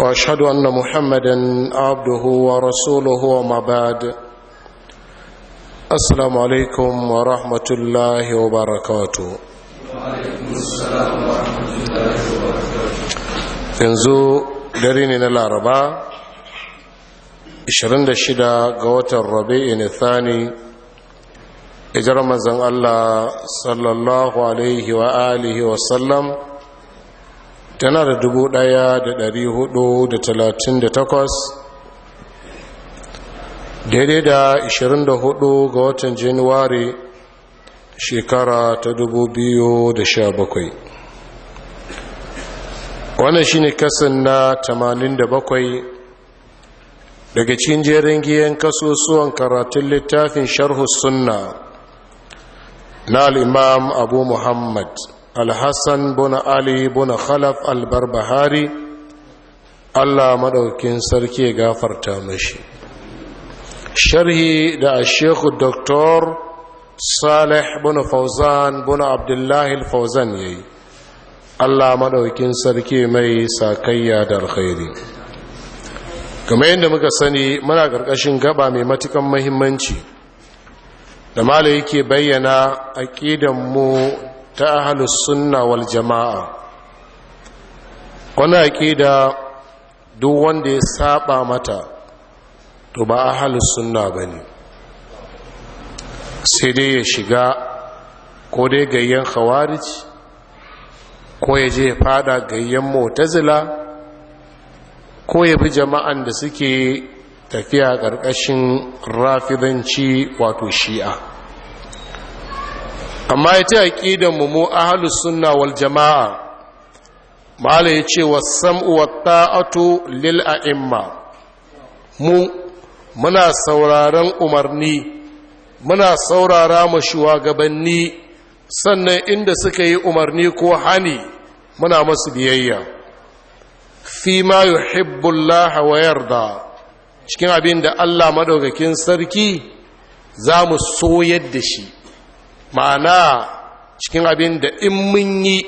واشهد ان محمدا عبده ورسوله وما بعد السلام عليكم ورحمه الله وبركاته yanzu dare ne na laraba 26 ga watan rabi'i ne thani ijar mazan allah sallallahu alaihi wa alihi sallam. tana da dubu ɗaya da dari hudu da talatin da takwas daidai da 24 ga watan januwari shekara ta 2017 wannan shine kasan na 87 daga cikin jerin giyan kasusuwan karatun littafin sharhu sunna na al'imam abu muhammad alhassan buna ali buna khalaf albarbahari allah maɗaukin sarki gafarta mashi sharhi da a shekhu doktor salih buna fauzan buna abdullahi fauzan ya yi allah maɗaukin sarki mai sakayya da alkhairi kamar yadda muka sani muna ƙarƙashin gaba mai matukan mahimmanci da mala yake bayyana mu ta ahalus sunna wal jama'a wani aƙida duk wanda ya saba mata to ba ahalus sunna ba ne sai dai ya shiga ko dai gayyan khawarij ko ya je fada gayyan motazila ko ya bi jama'an da suke tafiya ƙarƙashin rafidanci wato shi'a amma ya ta mu mu ahalus sunna wal jama'a mala ya ce wasam'u wa ta'atu lil a'imma mu muna sauraron umarni muna saurara mu shugabanni sannan inda suka yi umarni ko hani muna masu biyayya fi ma yuhibbullah wa yarda cikin abin da Allah madaukakin sarki za mu so yadda shi ma'ana cikin abin da in mun yi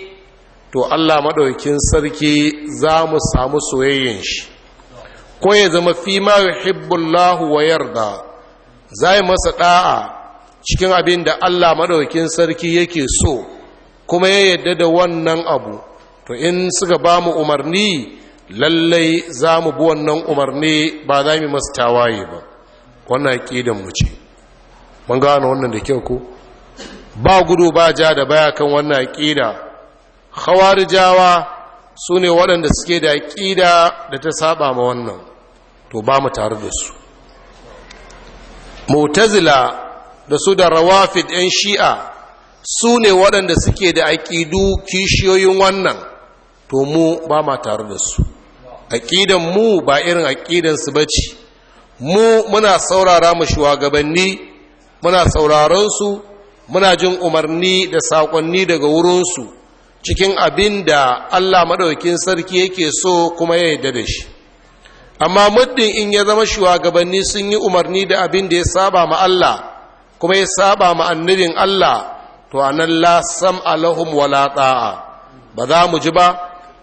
to Allah maɗaukin sarki za mu samu soyayyen shi ko ya zama fi ma yuhibbullahu wa yarda zai masa ɗa'a cikin abin da Allah maɗaukin sarki yake so kuma ya yadda da wannan abu to in suka ba mu umarni lallai za mu bi wannan umarni ba za mu masa tawaye ba wannan aƙidan mu ce mun gano wannan da kyau ko ba gudu ba ja da baya kan wannan aƙida khawarijawa su ne waɗanda suke da aƙida da ta saba ma wannan to ba mu tare da su mutazila da su da rawafid 'yan shi'a su ne waɗanda suke da aƙidu kishiyoyin wannan to mu ba ma tare da su aƙidan mu ba irin aƙidansu su bace mu muna saurara mu shugabanni muna sauraron su muna jin umarni da saƙonni daga wurinsu cikin abin da allah maɗaukin sarki yake so kuma ya yarda da shi amma muddin in ya zama shugabanni sun yi umarni da abin da ya saba ma allah kuma ya saba ma annabin allah to anan la sam alahum wala ta'a ba za mu ji ba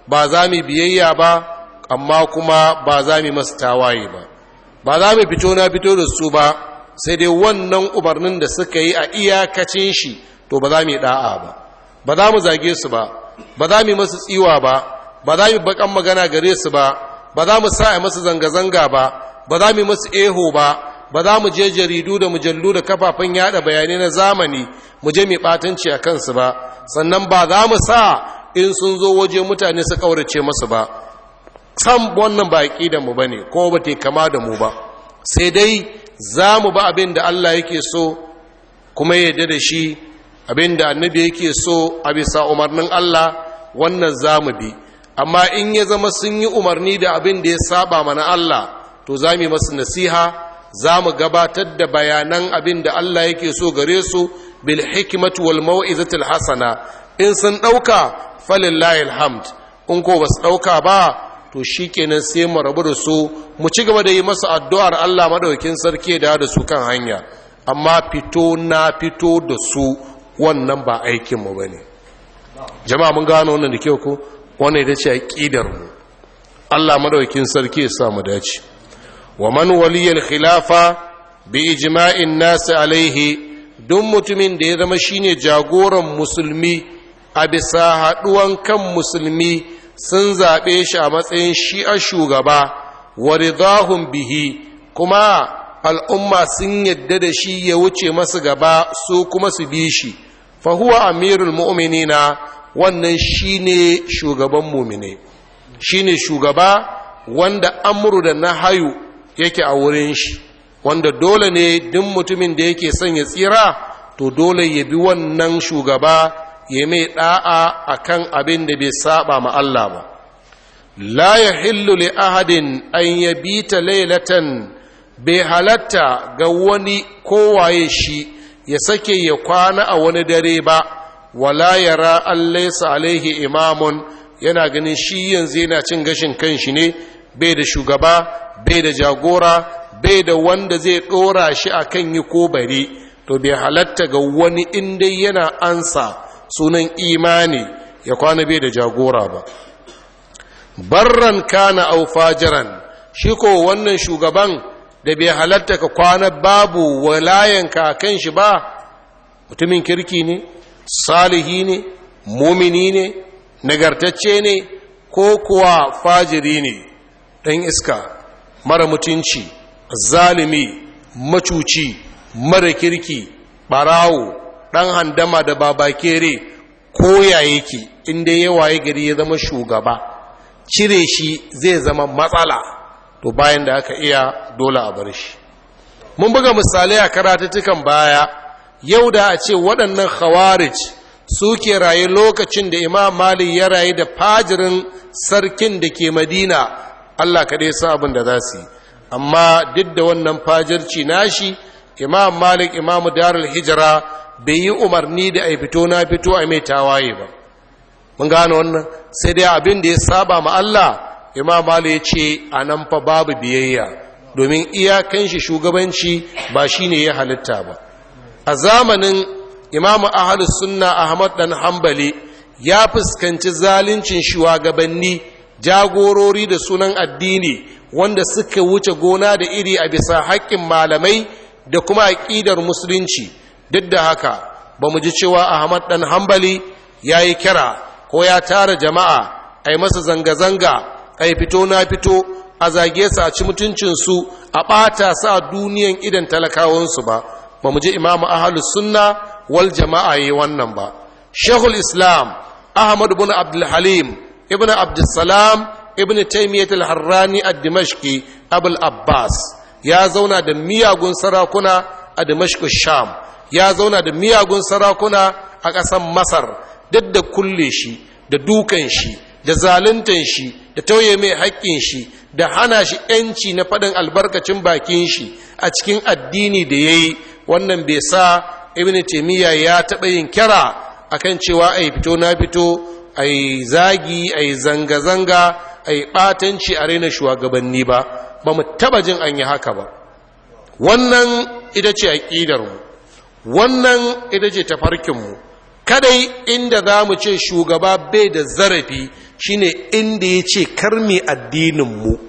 ba za mu biyayya ba amma kuma ba za mu masu ba ba za mu fito na fito da su ba sai dai wannan ubarnin da suka yi a iyakacin shi to ba za mu yi da'a ba ba za mu zage su ba ba za mu masu tsiwa ba ba za mu bakan magana gare su ba ba za mu sa masu zanga-zanga ba ba za mu masu eho ba ba za mu je jaridu da mujallu da kafafen yada bayanai na zamani mu je mai batanci a kansu ba sannan ba za mu sa in sun zo waje mutane su ƙaurace masu ba san wannan ba da mu bane ko ba te kama da mu ba sai dai za mu ba abin da Allah yake so kuma yadda da shi abin da annabi yake so a bisa umarnin Allah wannan za mu bi amma in ya zama sun yi umarni da abin da ya saba mana Allah to za mu yi masu nasiha za mu gabatar da bayanan abin da Allah yake so gare su bil hikmatu wal mau'izatil hasana in sun ɗauka falillahi alhamd in ko ba su ɗauka ba to shi kenan sai mu rabu da su mu ci gaba da yi masa addu'ar Allah madaukin sarki da da su kan hanya amma fito na fito da su wannan ba aikinmu ba ne jama'a mun gano wannan da kyau ko wannan ita ce aƙidar mu Allah madaukin sarki ya sa mu dace wa man waliyal khilafa bi ijma'in nas alaihi duk mutumin da ya zama shine jagoran musulmi a bisa haɗuwan kan musulmi sun zaɓe shi a matsayin shi a shugaba wa ridahum bihi kuma al'umma sun yadda da shi ya wuce masu gaba su kuma su bi shi fa huwa amirul mu'minina wannan shine shugaban mu'mine shine shugaba wanda amru da nahayu yake a wurin shi wanda dole ne duk mutumin da yake son ya tsira to dole ya bi wannan shugaba ya mai ɗa'a a kan abin da bai saba ma Allah ba la ya hillu li ahadin an ya ta lailatan bai halatta ga wani kowaye shi ya sake ya kwana a wani dare ba wala ya ra allaisa alaihi imamun yana ganin shi yanzu yana cin gashin kan shi ne bai da shugaba bai da jagora bai da wanda zai ɗora shi akan yi ko bari to bai halatta ga wani inda yana ansa sunan imani ya kwana bai da jagora ba barran kana au fajiran shi ko wannan shugaban da bai halatta ka kwana babu walayanka a kan shi ba mutumin kirki ne salihi ne mumini ne nagartacce ne ko kuwa fajiri ne ɗan iska mara mutunci zalimi macuci mara kirki ɓarawo ɗan handama da babakere ko ya yake inda yawaye gari ya zama shugaba cire shi zai zama matsala to bayan da aka iya dole a bar shi mun buga misalai a karatattukan baya yau da a ce waɗannan khawarij suke raye lokacin da imam mali ya raye da fajirin sarkin da ke madina allah kaɗai sa abin da za su yi amma duk da wannan fajirci nashi imam malik imamu darul hijira bai yi umarni da a fito na fito a mai tawaye ba mun gano wannan sai dai abin da ya saba ma Allah imam Ali ya ce a nan fa babu biyayya domin iyakan shi shugabanci ba shine ya halitta ba a zamanin imam ahlus sunna Ahmad dan hambali ya fuskanci zaluncin shugabanni jagorori da sunan addini wanda suka wuce gona da iri a bisa haƙƙin malamai da kuma aƙidar musulunci duk da haka ba mu ji cewa ahmad dan hambali ya yi kira ko ya tara jama'a a yi masa zanga-zanga a yi fito na fito a zage su a ci mutuncinsu a ɓata su a duniyan idan talakawansu ba ba mu ji imamu ahalus sunna wal jama'a yi wannan ba shehul islam ahmad abdul abdulhalim ibn abdulsalam ibn taimiyyat al-harrani a dimashqi abul abbas ya zauna da miyagun sarakuna a dimashq sham ya zauna da miyagun sarakuna a ƙasan masar duk da kulle shi da dukan shi da zaluntan shi da tauye mai haƙƙin shi da hana shi ‘yanci na faɗin albarkacin bakin shi a cikin addini da ya yi wannan bai sa ibn taimiyya ya taɓa yin kira kan cewa a fito na fito a zagi a zanga-zanga a ɓatanci a raina shugabanni ba ba mu taɓa jin an yi haka ba wannan ita ce a aƙidarmu wannan ita ce tafarkinmu kadai inda za mu ce shugaba bai da zarafi shine inda ya ce karmi addininmu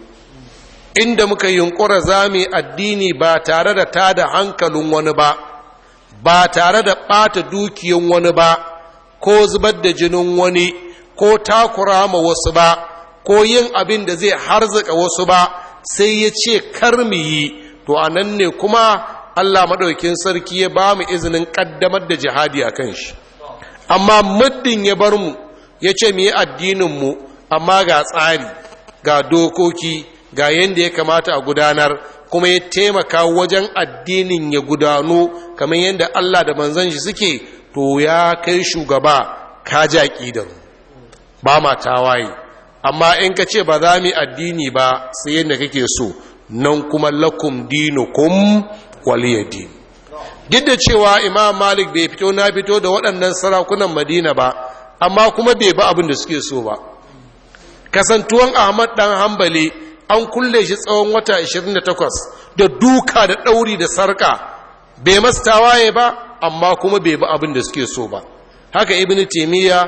inda muka yunkura za mu addini ba tare da tada hankalin wani ba ba tare da ɓata dukiyan wani ba ko zubar da jinin wani ko takura ma wasu ba ko yin abin da zai harzika wasu ba sai ya ce karmi yi to a nan ne kuma Allah maɗaukin sarki ya ba mu izinin ƙaddamar da jihadi a kan shi amma muddin ya bar mu ya ce mu yi addininmu amma ga tsari ga dokoki ga yadda ya kamata a gudanar kuma ya taimaka wajen addinin ya gudano kamar yadda Allah da manzan shi suke to ya kai shugaba ka ji aƙidar ba ma tawaye amma in ka ce ba za mu yi addini ba sai yadda kake so nan kuma lakum dinukum waliyadi duk da cewa imam malik bai fito na fito da waɗannan sarakunan madina ba amma kuma bai ba abin da suke so ba kasantuwan ahmad ɗan hambali an kulle shi tsawon wata 28 da duka da ɗauri da sarka bai mastawaye ba amma kuma bai ba abin da suke so ba haka ibn timiya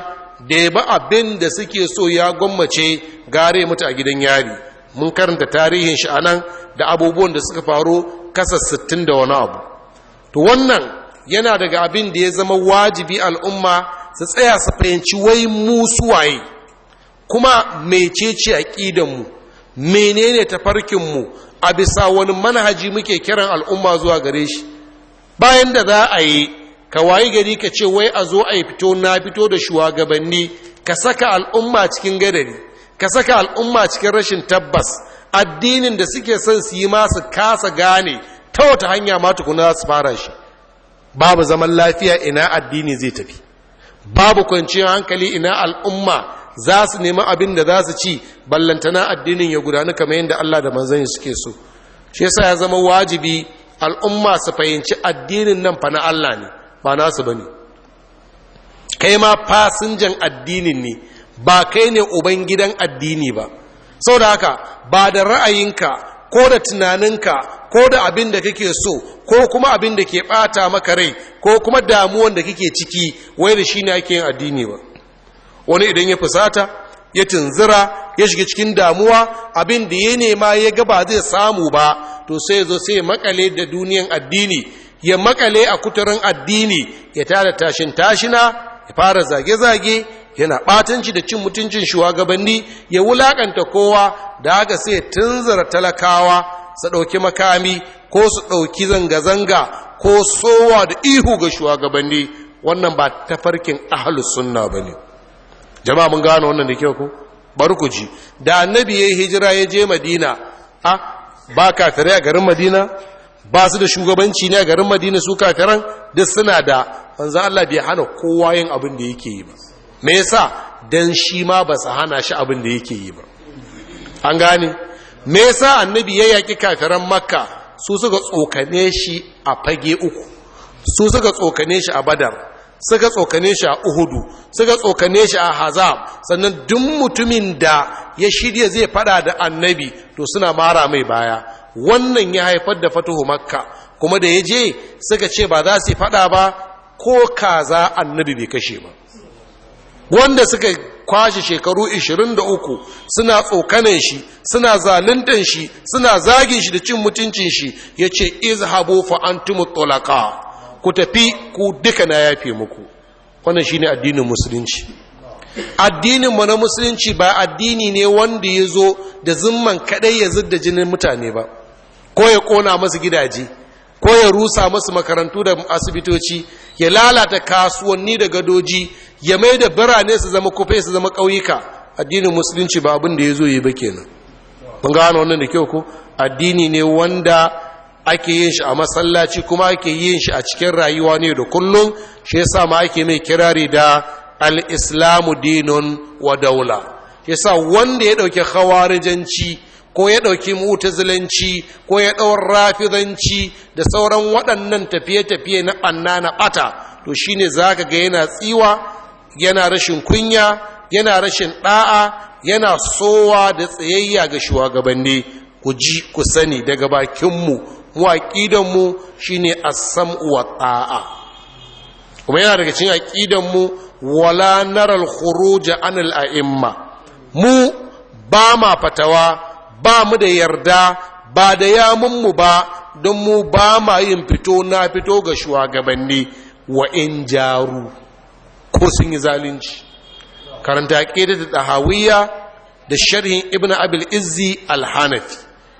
da ya ba abin da suke so ya gwammace gare mutu a gidan yari mun karanta tarihin shi anan da abubuwan da suka faru kasa sittin da wani abu to wannan yana daga abin da ya zama wajibi al'umma su tsaya su fahimci wai mu suwaye kuma mecece ƙidanmu. menene tafarkinmu a bisa wani manhaji muke kiran al'umma zuwa gare shi bayan da za a yi ka wayi gari ka ce wai a zo a yi fito na fito da shugabanni ka saka al'umma cikin gadari ka saka al'umma cikin rashin tabbas addinin da suke son su yi ma su kasa gane ta wata hanya ma tukuna su fara shi babu zaman lafiya ina addini zai tafi babu kwanciyar hankali ina al'umma za su nemi abin da za su ci ballantana addinin ya gudanu kamar yadda Allah da manzan suke so shi yasa ya zama wajibi al'umma su fahimci addinin nan fa na Allah ne ba nasu ne. kai ma fasinjan addinin ne ba kai ne uban gidan addini ba sau da haka ba da ra'ayinka ko da tunaninka ko da abin da kake so ko kuma abin da ke ɓata maka rai ko kuma damuwan da kake ciki wai da shi ne ake yin addini ba wani idan ya fusata ya tunzira ya shiga cikin damuwa abin da ya nema ya ga ba zai samu ba to sai zo sai makale da duniyan addini ya makale a kuturin addini ya tada tashin tashina ya fara zage-zage yana ɓatanci da cin mutuncin shugabanni ya wulaƙanta kowa da haka sai tunzara talakawa su ɗauki makami ko su ɗauki zanga-zanga ko sowa da ihu ga shugabanni wannan ba tafarkin ahalus sunna ba ne jama'a mun gano wannan da kyau ku bari ku ji da annabi ya yi hijira ya je madina a ba kafirai a garin madina ba su da shugabanci ne a garin madina su kafiran duk suna da manzo Allah bai hana kowa yin abin da yake yi ba me yasa dan shi ma ba su hana shi abin da yake yi ba an gane me yasa annabi ya yaki kafiran makka su suka tsokane shi a fage uku su suka tsokane shi a badar suka tsokane shi a uhudu suka tsokane shi a hazab sannan duk mutumin da ya shirya zai fada da annabi to suna mara mai baya wannan ya haifar da fatuhu makka kuma da ya je suka ce ba za su fada ba ko kaza annabi bai kashe ba wanda suka kwashe shekaru 23 suna tsokanan shi suna zaluntar shi suna zagin shi da cin mutuncin shi ya ce izhabo fa antum ku tafi ku duka na yafe muku wannan shine addinin musulunci addinin mu na musulunci ba addini ne wanda ya zo da zimman kadai ya zidda jinin mutane ba ko ya kona masu gidaje ko ya rusa masu makarantu da asibitoci ya lalata kasuwanni da gadoji ya mai da birane su zama kufai su zama ƙauyuka addinin musulunci ba abin da ya zo yi ba kenan mun gano wannan da kyau ko addini ne wanda ake yin shi a masallaci kuma ake yin shi a cikin rayuwa ne da kullum shi yasa ma ake mai kirari da al-islamu dinun wa daula yasa wanda ya dauke khawarijanci ko ya ɗauki mutazilanci ko ya ɗaur rafizanci da sauran waɗannan tafiye-tafiye na ɓanna na ɓata to shine za ka ga yana tsiwa yana rashin kunya yana rashin ɗa'a yana sowa da tsayayya ga shugabanni ku ji ku sani daga bakinmu mu aƙidanmu shine asam wa ɗa'a kuma yana daga cikin aƙidanmu wala naral khuruja anil a'imma mu ba ma fatawa ba mu da yarda ba da yamunmu ba don mu ba ma yin fito na fito ga shugabanni wa in jaru ko sun yi zalunci karanta ƙeda da ɗahawiyya da sharhin ibn abil izzi alhanafi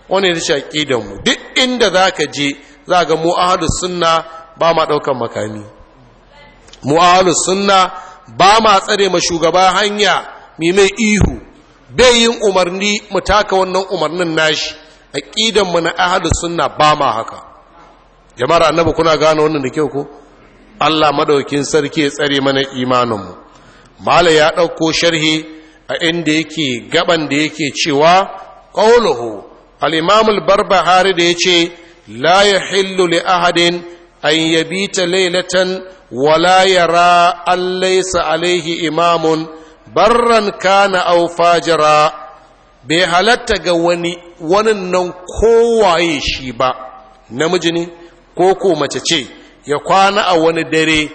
wani da shaƙi da mu duk inda za ka je za ga mu suna sunna ba ma ɗaukan makami mu suna sunna ba ma tsare ma shugaba hanya mai mai ihu bai yin umarni mu taka wannan umarnin nashi aqidan mu na ahadu sunna ba ma haka jama'ar annabi kuna gano wannan da kyau ko Allah madaukin sarki ya tsare mana imanin mu mala ya ɗauko sharhi a inda yake gaban da yake cewa qawluhu al-imam al-barbahari da yace la yahillu li ahadin an yabita laylatan wala yara an laysa alayhi imamun barran kana au fajira bai halatta ga wani wannan kowaye shi ba namiji ne ko ko mace ce ya kwana a wani dare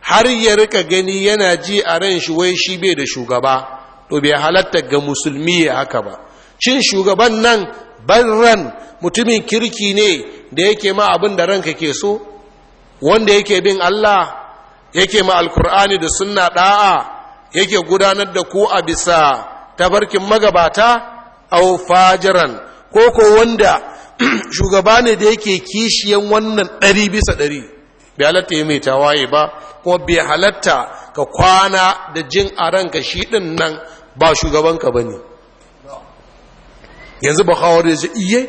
har ya rika gani yana ji a ran shi wai shi bai da shugaba to bai halatta ga musulmi ya haka ba shin shugaban nan barran mutumin kirki ne da yake ma abin da ranka ke so wanda yake bin Allah yake ma alkur'ani da sunna da'a yake gudanar da ku a bisa ta barkin magabata au fajiran ko ko wanda shugaba ne da yake kishiyan wannan ɗari bisa ɗari bai halatta ya mai tawaye ba kuma bai halatta ka kwana da jin a ranka shi ɗin nan ba shugabanka ba ne yanzu ba kawar ya ji iye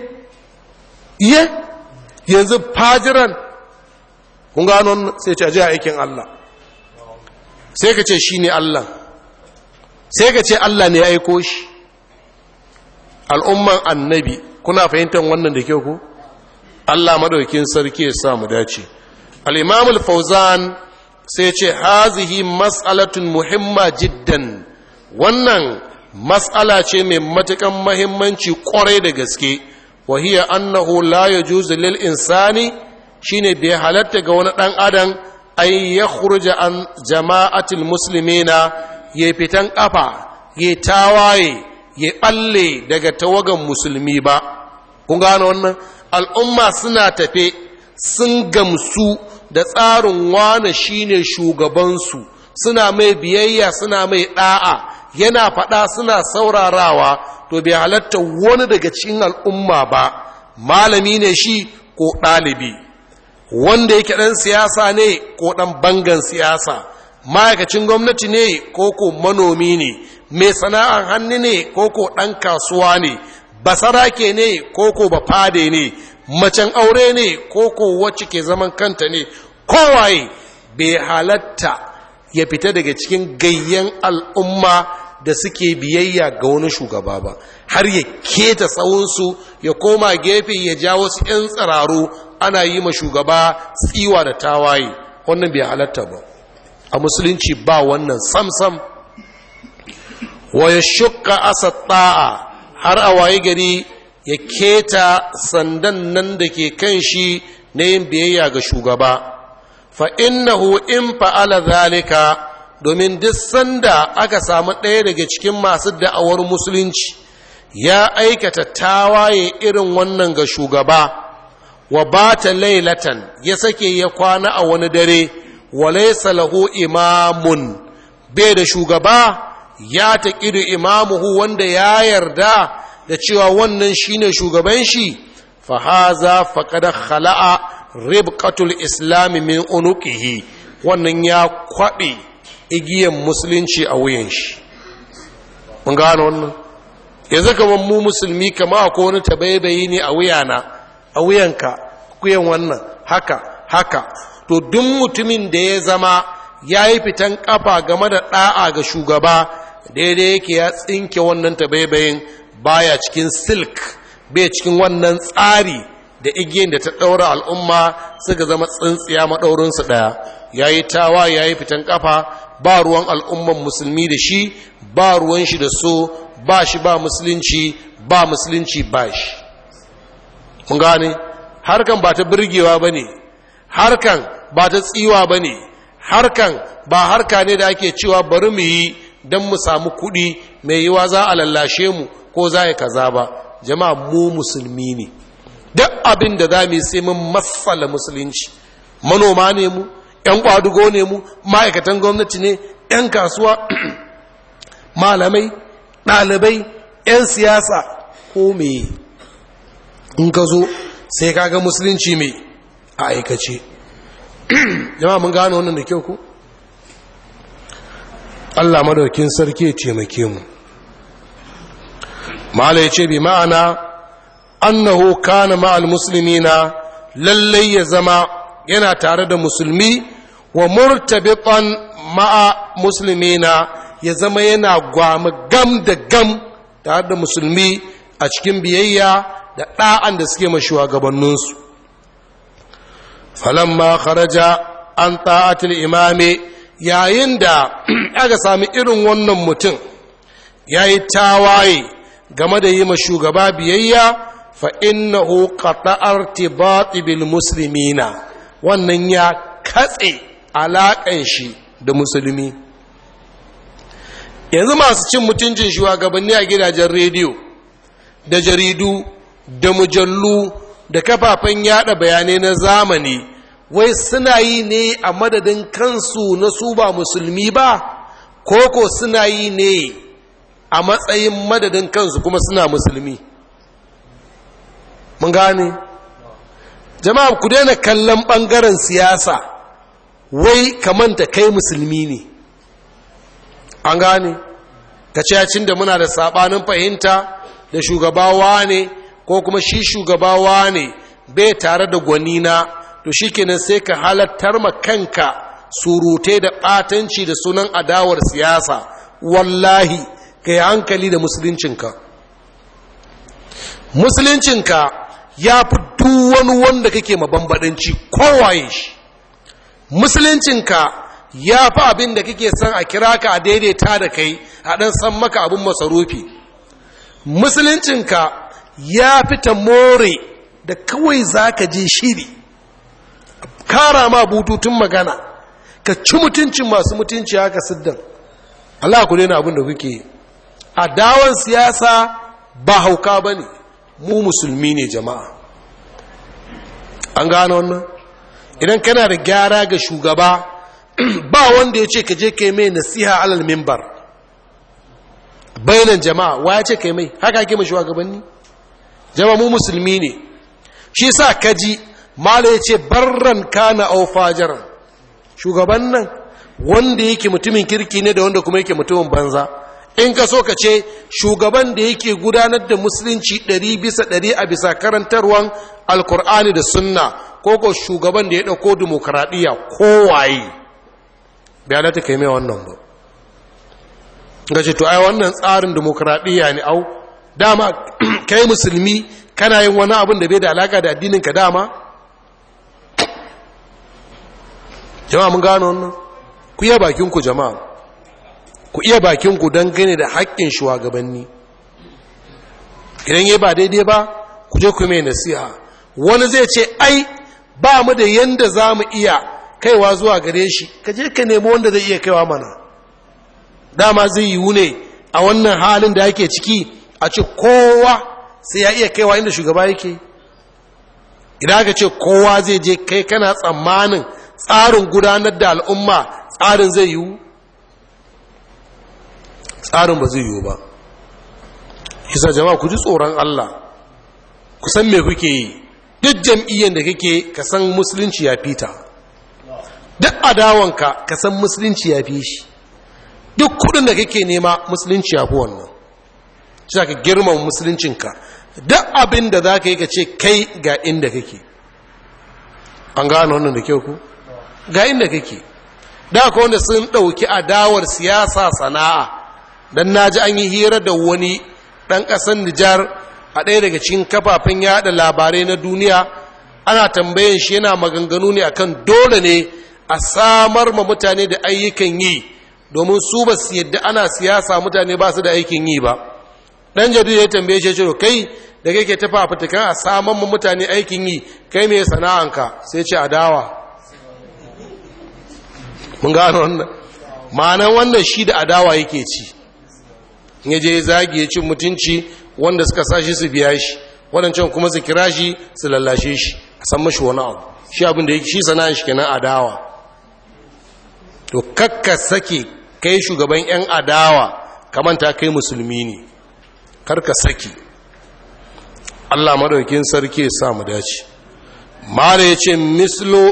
iye yanzu fajiran kun gano sai ce a aikin Allah sai ka ce shi ne Allah sai ka ce Allah ne ya aiko shi al'umman annabi kuna fahimtar wannan da kyau ku Allah madaukin sarki ya samu dace al fauzan sai ce hazihi mas'alatun muhimma jiddan wannan mas'ala ce mai matukan mahimmanci kwarai da gaske wahiya annahu la yajuzu lil insani shine bai halatta ga wani dan adam ay yakhruja an musulmi muslimina ya fitan ƙafa, ya tawaye ya ɓalle daga tawagan musulmi ba kun gano wannan al'umma suna tafe sun gamsu da tsarin wane shine shugabansu suna mai biyayya suna mai ɗa'a, yana faɗa suna saurarawa to bai halatta wani daga cikin al'umma ba malami ne shi ko ɗalibi wanda yake ɗan siyasa ne ko ɗan bangan siyasa ma'aikacin gwamnati ne ko ko manomi ne mai sana'ar hannu ne ko ko ɗan kasuwa ne ke ne ko ko bafade ne macen aure ne ko ko wacce ke zaman kanta ne kowaye bai halatta ya fita daga cikin gayyen al'umma da suke biyayya ga wani shugaba ba har ya keta tsawonsu ya koma gefe ya jawo wasu 'yan tsararo. ana yi ma shugaba tsiwa da tawaye wannan bai halatta ba a musulunci ba wannan samsam wa ya shukka asa ta'a har a waye gari ya keta sandan nan da ke kan shi na yin biyayya ga shugaba fa innahu in fa'ala zalika domin duk sanda aka samu ɗaya daga cikin masu da'awar musulunci ya aikata tawaye irin wannan ga shugaba wa bata lailatan ya sake ya kwana a wani dare wa laisa lahu imamun bai da shugaba ya imamu imamuhu wanda ya yarda da cewa wannan shine shugaban shi fa haza faqad khala'a ribqatul islam min unuqihi wannan ya kwabe igiyan musulunci a wuyan shi mun gano wannan yanzu kamar mu musulmi kama ko wani tabaibayi ne a wuyana a wuyanka kuyan wannan haka haka to duk mutumin da ya zama ya yi fitan kafa game da ɗa'a ga shugaba daidai yake ya tsinke wannan tabaibayin baya cikin silk bai cikin wannan tsari da igiyan da ta ɗaura al'umma suka zama tsintsiya maɗaurinsu ɗaya ya yi tawa ya yi fitan kafa ba ruwan al'umman musulmi da shi ba ruwan shi da so ba shi ba musulunci ba musulunci ba shi kun gane harkan ba ta birgewa ba ne harkan ba ta tsiwa ba ne harkan ba harka ne da ake cewa bari mu yi don mu samu kuɗi mai yiwa za a lallashe mu ko za a kaza ba jama'a mu musulmi ne duk abin da za mu yi sai mun matsala musulunci manoma ne mu 'yan kwadugo ne mu ma'aikatan gwamnati ne 'yan kasuwa malamai ɗalibai 'yan siyasa ko meye in ka zo sai ka ga musulunci mai a aikace jama mun gano wannan da kyau ku allah madaukin sarki ya taimake mu mala ya ce bi ma'ana annahu kana ma'al na lallai ya zama yana tare da musulmi wa murtabiban ma'a musulmina ya zama yana gwama gam da gam tare da musulmi a cikin biyayya da ɗa'an da suke ma shugabanninsu falamma kharaja an ta'atul imami yayin da aka sami irin wannan mutum ya yi tawaye game da yi ma shugaba biyayya fa innahu qata'ar tibati bil muslimina wannan ya katse alaƙan shi da musulmi yanzu masu cin mutuncin shugabanni a gidajen rediyo da jaridu da mujallu da kafafen yada bayanai na zamani wai suna yi ne a madadin kansu na su ba musulmi ba koko suna yi ne a matsayin madadin kansu kuma suna musulmi mun gane jama'a ku daina kallon ɓangaren siyasa wai kamanta kai musulmi ne an gane ka cin da muna da saɓanin fahimta da shugabawa ne ko kuma shi shugabawa ne bai tare da gwanina to shi kenan sai ka halattar ma kanka surute da ɓatanci da sunan adawar siyasa wallahi ka yi hankali da musuluncinka musuluncinka ya fi duk wani wanda kake mabambadanci kowaye shi musuluncinka ya fi abin da kake son a kira ka a daidaita da kai a ɗan san maka abin masarufi musuluncinka ya fita more da kawai za ka je shiri kara ma bututun magana ka ci mutuncin masu mutunci haka siddan Allah ku daina abin da kuke a dawon siyasa ba hauka ba ne mu musulmi ne jama'a an gano wannan idan kana da gyara ga shugaba ba wanda ya ce ka je ka yi mai nasiha alal mimbar bainan jama'a wa ya ce ka yi mai haka ake wa shugabanni jama mu musulmi ne shi sa kaji mala ya ce barran kana au fajaran shugaban nan wanda yake mutumin kirki ne da wanda kuma yake mutumin banza in ka so ka ce shugaban da yake gudanar da musulunci ɗari bisa ɗari a bisa karantarwan alkur'ani da sunna ko ko shugaban da ya ɗauko dimokuraɗiyya kowaye bayanata ka yi mai wannan ba ga ce to ai wannan tsarin dimokuraɗiyya ne au dama kai musulmi kana yin wani abin da bai da alaka da addininka dama jama'a mun gano wannan ku iya bakinku jama'a ku iya bakinku don gane da haƙƙin shugabanni idan yi ba daidai ba ku je ku mai nasiha wani zai ce ai ba mu da yanda za mu iya kaiwa zuwa gare shi ka je ka nemo wanda zai iya kaiwa mana dama zai yiwu ne a wannan halin da ake ciki a ce kowa sai ya iya kaiwa inda shugaba yake idan aka ce kowa zai je kai kana tsammanin tsarin gudanar da al'umma tsarin zai yiwu tsarin ba zai yiwu ba Kisa jama'a ku ji tsoron allah ku san me kuke yi duk jam'iyyar da kake ka san musulunci ya fita duk adawanka ka san musulunci ya fi shi duk kudin da kake nema musulunci ya fi wannan shi ka girma musuluncinka duk abin da za ka yi ka ce kai ga inda kake an gano wannan da kyau ku ga inda kake da ka wanda sun ɗauki adawar siyasa sana'a don na ji an yi hira da wani ɗan ƙasar nijar a ɗaya daga cikin kafafen yada labarai na duniya ana tambayan shi yana maganganu ne akan dole ne a samar ma mutane da ayyukan yi domin su ba su yadda ana siyasa mutane ba su da aikin yi ba dan jadu ya tambaye shi cewa kai da kake ta fafutukan a saman mu mutane aikin yi kai me sana'anka sai ce adawa mun ga wannan ma'anar wannan shi da adawa yake ci in je ya zagi ya ci mutunci wanda suka sashi su biya shi waɗancan kuma su kira shi su lallashe shi a san mashi wani abu shi abin da yake shi sana'an shi kenan adawa to kakka sake kai shugaban yan adawa kamanta kai musulmi ne karka saki Allah madaukin sarki ya samu dace ya yace Mislo,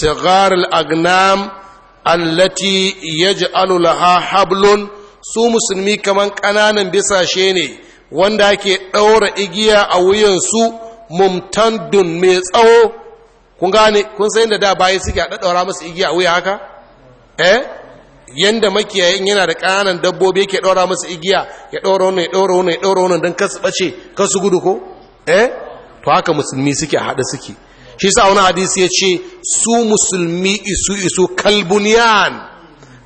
sigar al-agnam allati yaj'alu laha hablun su musulmi kaman kananan bisashe ne wanda ake ɗaura igiya a wuyan su mumtandun mai tsawo kun gane kun san da da bayi suke a daddaura musu igiya a wuya haka eh yanda makiyayin yana da ƙananan dabbobi ke ɗora musu igiya ya ɗora wani ya ɗora wani ya ɗora wani don kasu ɓace kasu gudu ko eh to haka musulmi suke haɗa suke shi sa wani hadisi ya ce su musulmi isu isu kalbuniyan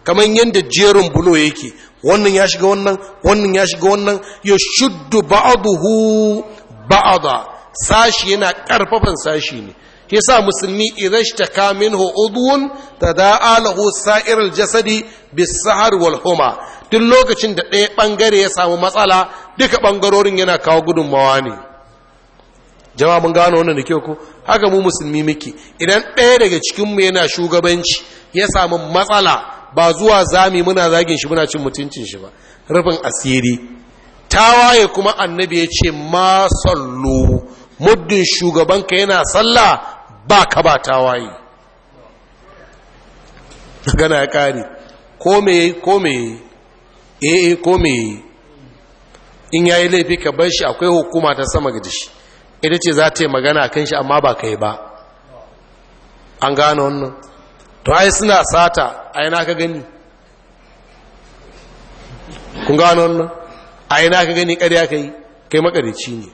kamar yadda jerin bulo yake wannan ya shiga wannan wannan ya shiga wannan ya shuddu ba'aduhu ba'ada sashi yana ƙarfafan sashi ne ke musulmi idan shi ta kamin ho'uduwun ta da'a lahu sa'irar jasadi bis walhoma wal duk lokacin da ɗaya ɓangare ya samu matsala duka ɓangarorin yana kawo gudunmawa ne jama'a mun gano wannan da kyau haka mu musulmi miki. idan ɗaya daga cikinmu yana shugabanci ya samu matsala ba zuwa zami muna zagin shi muna cin mutuncin shi ba rufin asiri tawaye kuma annabi ya ce ma muddin shugabanka yana sallah ba ka ba ta waye gana ya kare kome kome eh, eh kome in yayi laifi ka bar shi akwai hukuma ta sama ga shi ita ce za ta yi magana kan shi amma ba kai ba an gano wannan to ai suna sata ai na ka gani kun gano wannan ai na ka gani ƙarya kai kai makarici ne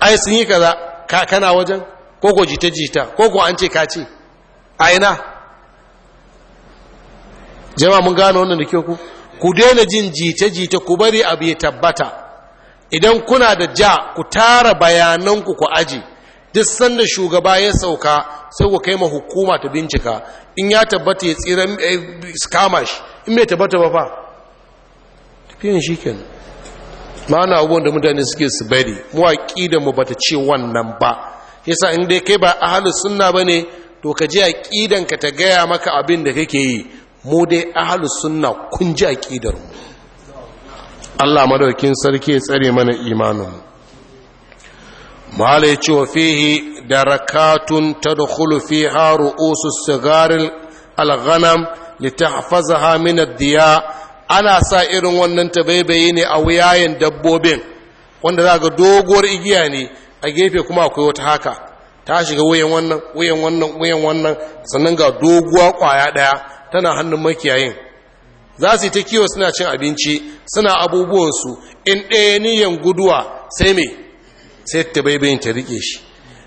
ai sun yi kaza ka kana wajen ko jita-jita ko an ce kace a ina jama'a mun gano wannan da ke ku ku daina jin jita-jita ku bari abu ya tabbata idan kuna da ja ku tara bayananku ku aji duk sanda shugaba ya sauka sai ku kai ma hukuma ta bincika in ya tabbata ya tsira eh, skamash in bai tabbata ba fa tafiyan shi kenan ma'ana abubuwan da mutane suke su bari mu aƙidanmu ba ta ce wannan ba yasa in dai kai ba ahlus sunna bane to ka ji aqidan ka ta gaya maka abin da kake yi mu dai ahlus sunna kun ji aqidar mu Allah madaukin sarki ya tsare mana imanin mu mala ya ce wa fihi darakatun tadkhulu fiha ru'usus sigaril al-ghanam litahfazaha min ad-diya ana sa irin wannan tabaibayi ne a wuyayen dabbobin wanda za ga doguwar igiya ne a gefe kuma akwai wata haka ta shiga wuyan wannan wuyan wannan wuyan wannan sannan ga doguwa kwaya daya tana hannun makiyayin za su yi ta kiwo suna cin abinci suna abubuwansu in ɗaya niyan guduwa sai mai. sai ta baibayin ta rike shi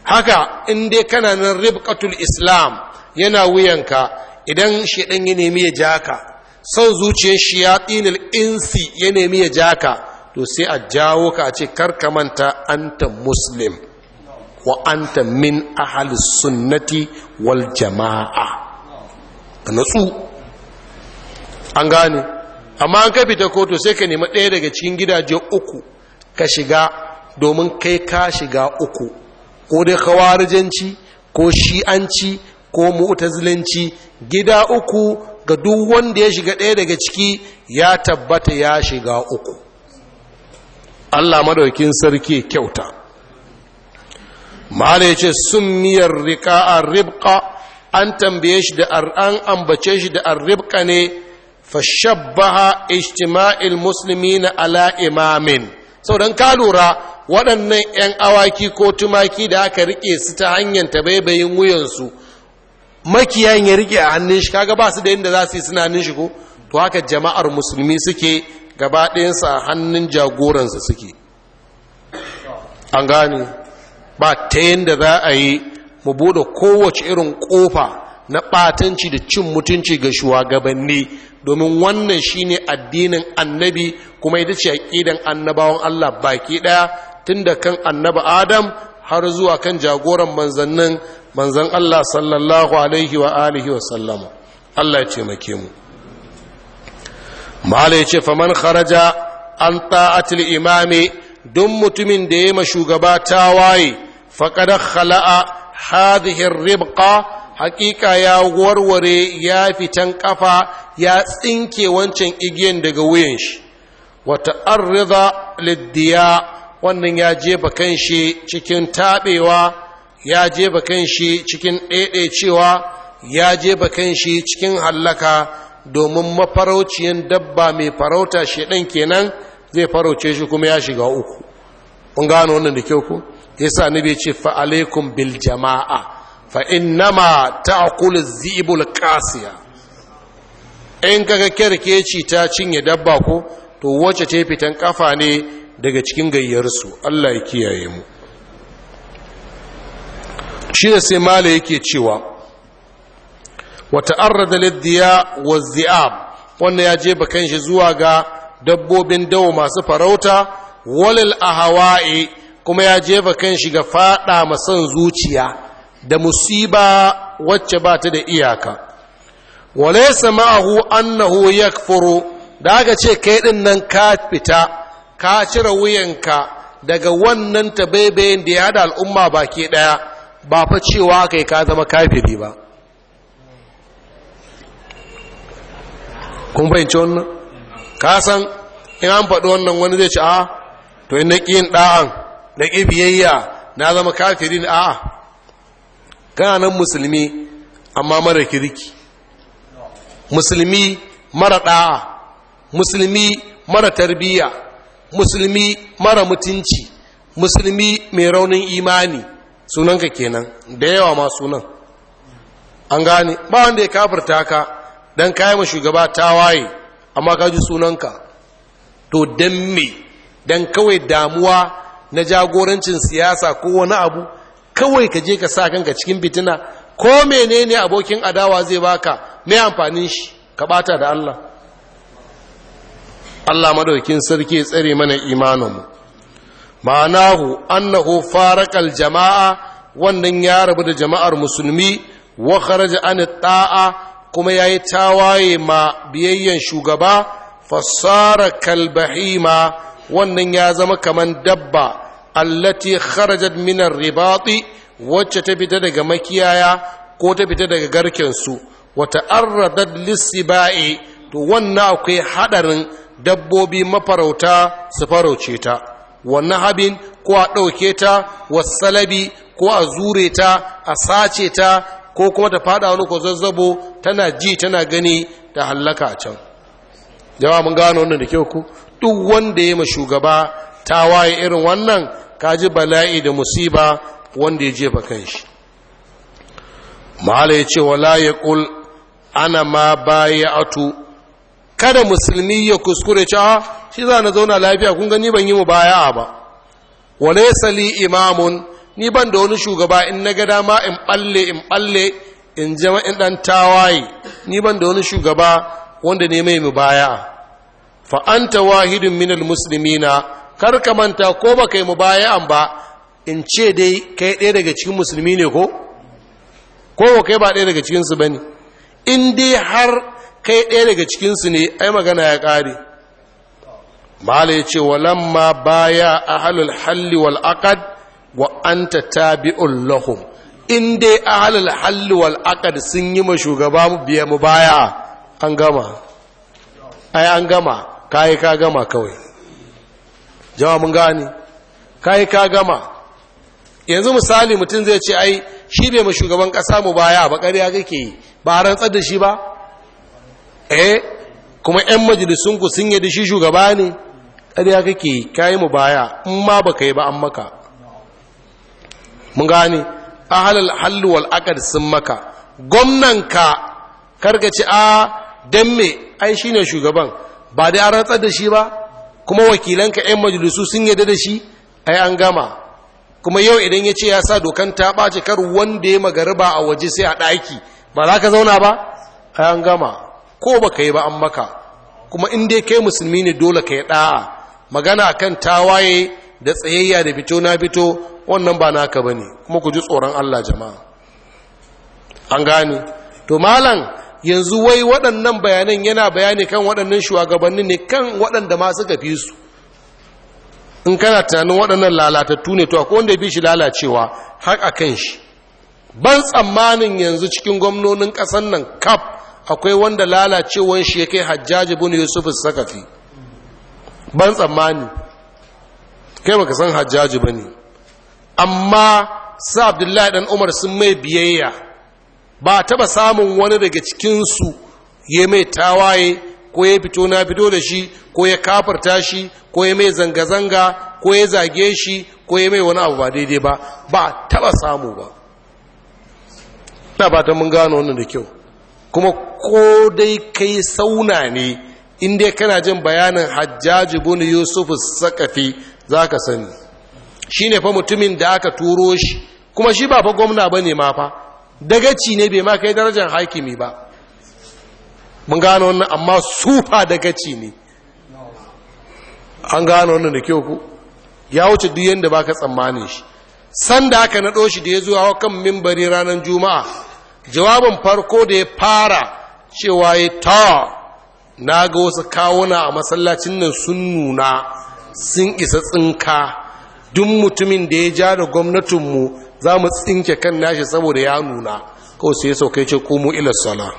haka in dai kana nan ribqatul islam yana wuyanka idan shi ya nemi ya ja ka, son zuciyar shi ya insi ya nemi ya ja ka. to sai a jawo ka a ce karka manta anta muslim wa anta min ahli sunnati wal jama'a ka natsu an gane amma an ka fita kotu sai ka nemi ɗaya daga cikin gidaje uku ka shiga domin kai ka shiga uku ko dai khawarijanci ko shi'anci ko mu'tazilanci gida uku ga duk wanda ya shiga ɗaya daga ciki ya tabbata ya shiga uku Allah madaukin sarki kyauta mala yace riƙa a ribqa an tambaye shi da an ambace shi da arribqa ne fashabbaha ijtima'il muslimina ala imamin sauran ka lura waɗannan 'yan awaki ko tumaki da aka rike su ta hanyar tabaibayin wuyansu makiyayin ya riƙe a hannun shi kaga ba su da yadda za su yi suna nishi ko to haka jama'ar musulmi suke gaba ɗayansa a hannun jagoransa suke an gane ba ta yadda za a yi mu buɗe kowace irin ƙofa na ɓatanci da cin mutunci ga shugabanni domin wannan shine addinin annabi kuma ita ce aƙidan annabawan Allah baki ɗaya tun da kan annaba adam har zuwa kan jagoran manzannin manzan Allah sallallahu alaihi wa alihi wa sallama Allah ya ce mu mala ya ce faman kharaja an ta'atil imami don mutumin da ya ma shugaba ta waye faƙada khala'a hadhihi ribqa hakika ya warware ya fitan kafa ya tsinke wancan igiyan daga wuyan shi wa ta'arrida liddiya wannan ya jefa kanshi cikin taɓewa ya jefa kanshi cikin ɗaiɗaicewa ya jefa kanshi cikin hallaka domin mafarauciyan dabba mai farauta shedan kenan zai farauce shi kuma ya shiga uku kun gano wannan da kyau ko yasa annabi ce fa alaikum bil jamaa fa innama Akulu Zibul qasiya in kaga kerkeci ta cinye dabba ko to wacce ce fitan kafa ne daga cikin gayyarsu Allah ya kiyaye mu shi sai mala yake cewa wata arrada والذئاب wannan ya jefa kanshi zuwa ga dabbobin dawo masu farauta walil ahawa'i kuma ya jefa kanshi ga fada masan zuciya da musiba wacce ba ta da iyaka walaysa ma'ahu annahu yakfuru da aka ce kai din nan ka fita ka cire wuyanka daga wannan tabaibayin da ya hada al'umma baki daya ba fa cewa kai ka zama kafiri ba kun fahimci wannan ka san in an faɗi wannan wani zai ci a to in na ƙiyin ɗa'an na ƙi biyayya na zama kafiri ne a kana nan musulmi amma mara kirki musulmi mara ɗa'a musulmi mara tarbiyya musulmi mara mutunci musulmi mai raunin imani sunanka kenan da yawa ma sunan an gane ba wanda ya kafirta ka dan kayi ma shugaba ta waye, amma ka ji sunanka to dan me dan kawai damuwa na jagorancin siyasa ko wani abu kawai ka je ka sa kanka cikin fitina ko menene abokin adawa zai baka me amfanin shi ka bata da Allah Allah madaukin sarki tsare mana imanin mu ma'anahu annahu farakal jama'a wannan ya rabu da jama'ar musulmi wa kharaja an ta'a kuma ya yi tawaye ma biyayyen shugaba fassara kalbahima wannan ya zama kaman dabba allati kharajat minar ribati wacce ta fita daga makiyaya ko ta fita daga garkensu wata arradat lissiba'i to wannan akwai hadarin dabbobi mafarauta su farauce ta wannan habin ko a ɗauke ta wasalabi ko a zure ta a sace ta ko kuma ta fada wani kwazazzabo tana ji tana gani ta hallaka a can Jam'a mun gano wannan da kyau ku duk wanda ya ma shugaba ta waye irin wannan kaji bala'i da musiba wanda ya jefa kan shi ma'ala ya ce wala ya kul ana ma baya atu kada musulmi ya kuskure ce a ah, shi za na zauna lafiya kun gani ban yi mu baya ba wale sali imamun ni ban da wani shugaba in na ga dama in balle in balle in jama in dan tawaye ni ban da wani shugaba wanda ne mai mu baya fa anta wahidun minal muslimina kar ka manta ko ba kai mu baya ba in ce dai kai ɗaya daga cikin musulmi ne ko ko ba kai ba ɗaya daga cikin su bane in dai har kai ɗaya daga cikin su ne ai magana ya ƙare mala ya ce walamma baya ahlul halli wal aqd wa anta tabi'un lahum in dai ahlul halli wal aqd sun yi ma shugaba mu biya mu baya an gama ai an gama kai ka gama kawai jawa mun gani kai ka gama yanzu misali mutum zai ce ai shi bai ma shugaban kasa mu baya ba kariya kake yi ba rantsar da shi ba eh kuma ɗan majalisun ku sun yi da shi shugaba ne ƙariya kake yi mu baya in ma ba yi ba an maka mun gane ahalal hallu wal sun maka gwamnanka ka ci a dan me ai shine shugaban ba dai an rantsar da shi ba kuma wakilanka yan majalisu sun yarda da shi ai an gama kuma yau idan ya ce ya sa dokan ta ɓace kar wanda ya magariba a waje sai a ɗaki ba za ka zauna ba ai an gama ko ba ka yi ba an maka kuma in dai kai musulmi ne dole ka yi ɗa'a magana kan tawaye da tsayayya da fito na fito wannan ba naka bane kuma ku ji tsoron Allah jama'a an gane to malam yanzu wai waɗannan bayanan yana bayani kan waɗannan shugabannin ne kan waɗanda ma suka fi su in kana tunanin waɗannan lalatattu ne to akwai wanda ya fi shi lalacewa har a kan shi ban tsammanin yanzu cikin gwamnonin ƙasar nan kaf akwai wanda lalacewan shi ya kai hajjaji bin yusuf sakafi ban tsammani kai baka san hajjaji ba ne amma sa abdullahi dan umar sun mai biyayya ba taba samun wani daga cikinsu ya mai tawaye ko ya fito na fito da shi ko ya kafarta shi ko ya mai zanga-zanga ko ya zage shi ko ya mai wani abu ba daidai ba ba taba samu ba na ba ta mun gano wannan da kyau kuma ko dai kai sauna ne in inda kana jin bayanin hajjaji bin yusuf sakafi za ka sani shi ne fa mutumin da aka turo shi kuma shi ba fa gwamna ba ne ma fa dagaci ne bai ma kai darajar hakimi ba mun gano wannan amma sufa dagaci ne an gano wannan da kyau ku ya wuce duk yadda ba ka tsammanin shi sanda aka naɗo shi da ya zuwa kan mimbari ranar juma'a jawabin farko da ya fara cewa ya ta na ga wasu kawuna a masallacin nan sun nuna sun isa tsinka duk mutumin da ya ja da gwamnatinmu za mu tsinke kan nashi saboda ya nuna kawai sai ya saukai ce komo ilar sala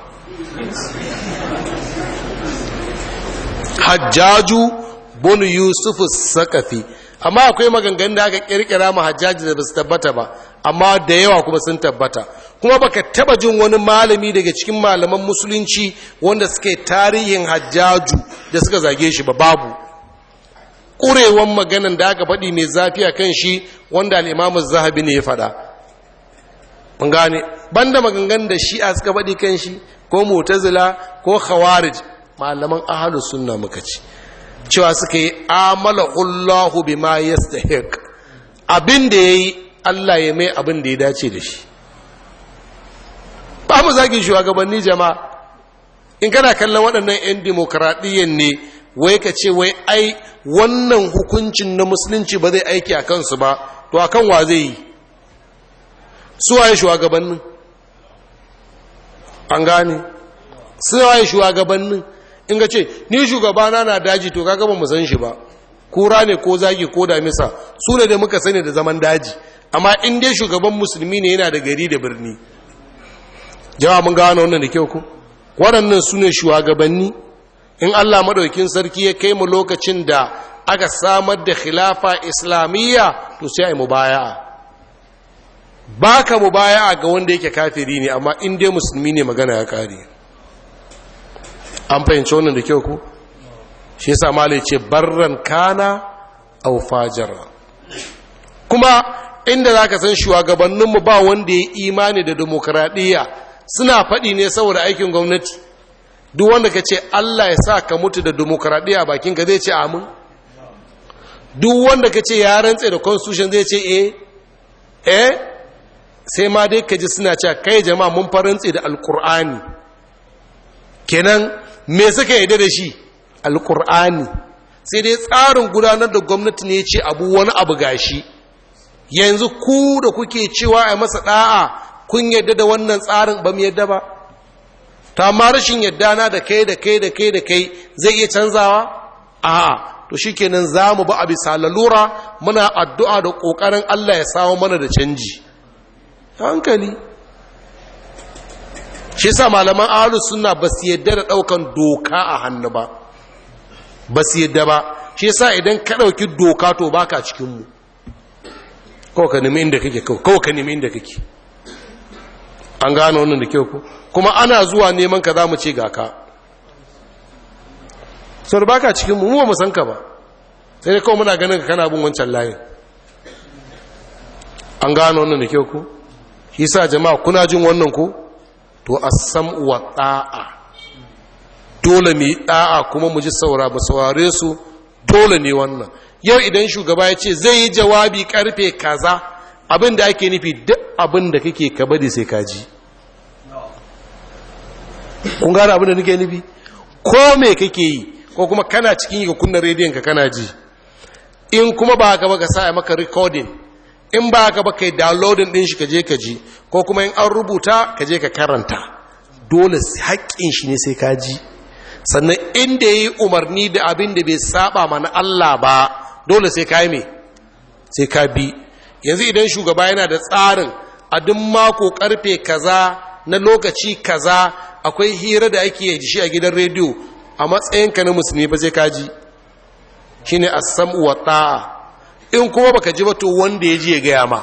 hajjaju bunu Yusuf, sakafi amma akwai maganganun da aka kirkira ma hajjaji da basu tabbata ba amma da yawa kuma sun tabbata kuma baka taba jin wani malami daga cikin malaman musulunci wanda suke tarihin hajjaju da suka zage shi ba babu ƙurewan maganan da aka faɗi mai zafi a kan shi wanda al'imamun zahabi ne ya faɗa gane banda magangan da shi a suka faɗi kan shi ko motazila ko khawarij malaman ahalus sunna muka ci cewa suka yi amala Allahu bima hek abin da yi Allah ya mai abin da ya dace da shi ba mu zagi shugabanni jama'a in kana kallon waɗannan 'yan dimokuraɗiyyar ne wai ka ce wai ai wannan hukuncin na musulunci ba zai aiki a kansu ba to a kan wa zai yi suwaye shugabannin an gane suwaye shugabannin in ga ce ni shugabana na daji to ka gaba musan shi ba kura ne ko zagi ko damisa su ne da muka sani da zaman daji amma in dai shugaban musulmi ne yana da gari da birni jawa mun gano wannan da kyau ku waɗannan su ne shugabanni in Allah madaukin sarki ya kai mu lokacin da aka samar da khilafa islamiyya to sai ai mubaya'a baka mubaya'a ga wanda yake kafiri ne amma in dai musulmi ne magana ya kare an fahimci wannan da kyau ku shi yasa malai ce barran kana aw fajara kuma inda zaka san shugabanninmu ba wanda ya imani da demokradiyya suna faɗi ne saboda aikin gwamnati duk wanda ka ce Allah ya sa ka mutu da demokradiyya bakin ka zai ce amin duk wanda ka ce ya rantse da constitution zai ce eh eh sai ma dai ka ji suna cewa kai jama'a mun farantse da alkur'ani kenan me suka yarda da shi alkur'ani sai dai tsarin gudanar da gwamnati ne ya ce abu wani abu gashi yanzu ku da kuke cewa a masa ɗa'a kun yarda da wannan tsarin ba mu yarda ba ta ma rashin yadda na da kai da kai da kai da kai zai iya canzawa a to shikenan za mu ba a bisa lalura muna addu'a da ƙoƙarin Allah ya sawo mana da canji hankali shi sa malaman ahlus suna ba su yadda da ɗaukan doka a hannu ba ba su yadda ba shi sa idan ka ɗauki doka to baka cikinmu kawaka ka nemi inda kake kawaka ka nemi inda kake an gano wannan da kyau ko kuma ana zuwa neman ka za mu ce ga ka Sai da ba ka cikin mu mu san ka ba sai dai kawai muna ganin ka kana bin wancan layin an gano wannan da kyau ko shi sa jama'a kuna jin wannan ko to assam wa ta'a dole mu yi kuma mu ji saura ba, saurare su dole ne wannan yau idan shugaba ya ce zai yi jawabi karfe kaza abin da ake nufi duk abin da kake ka bari sai ka ji kun gane abin da nake nufi ko me kake yi ko kuma kana cikin yi ka kunna rediyon ka kana ji in kuma ba ka ba ka sa maka rikodin? in ba ka ba kai downloading din shi ka je ka ji ko kuma in an rubuta ka je ka karanta dole haƙƙin shi ne sai ka ji sannan inda ya yi umarni da abin da bai saba mana Allah ba dole sai ka yi mai? sai ka bi yanzu idan shugaba yana da tsarin a duk mako karfe kaza na lokaci kaza akwai hira da ake yi shi a gidan rediyo a matsayinka na musulmi ba zai kaji shine as-sam'u wa ta'a in kuma baka ji ba to wanda ya ji ya gaya ma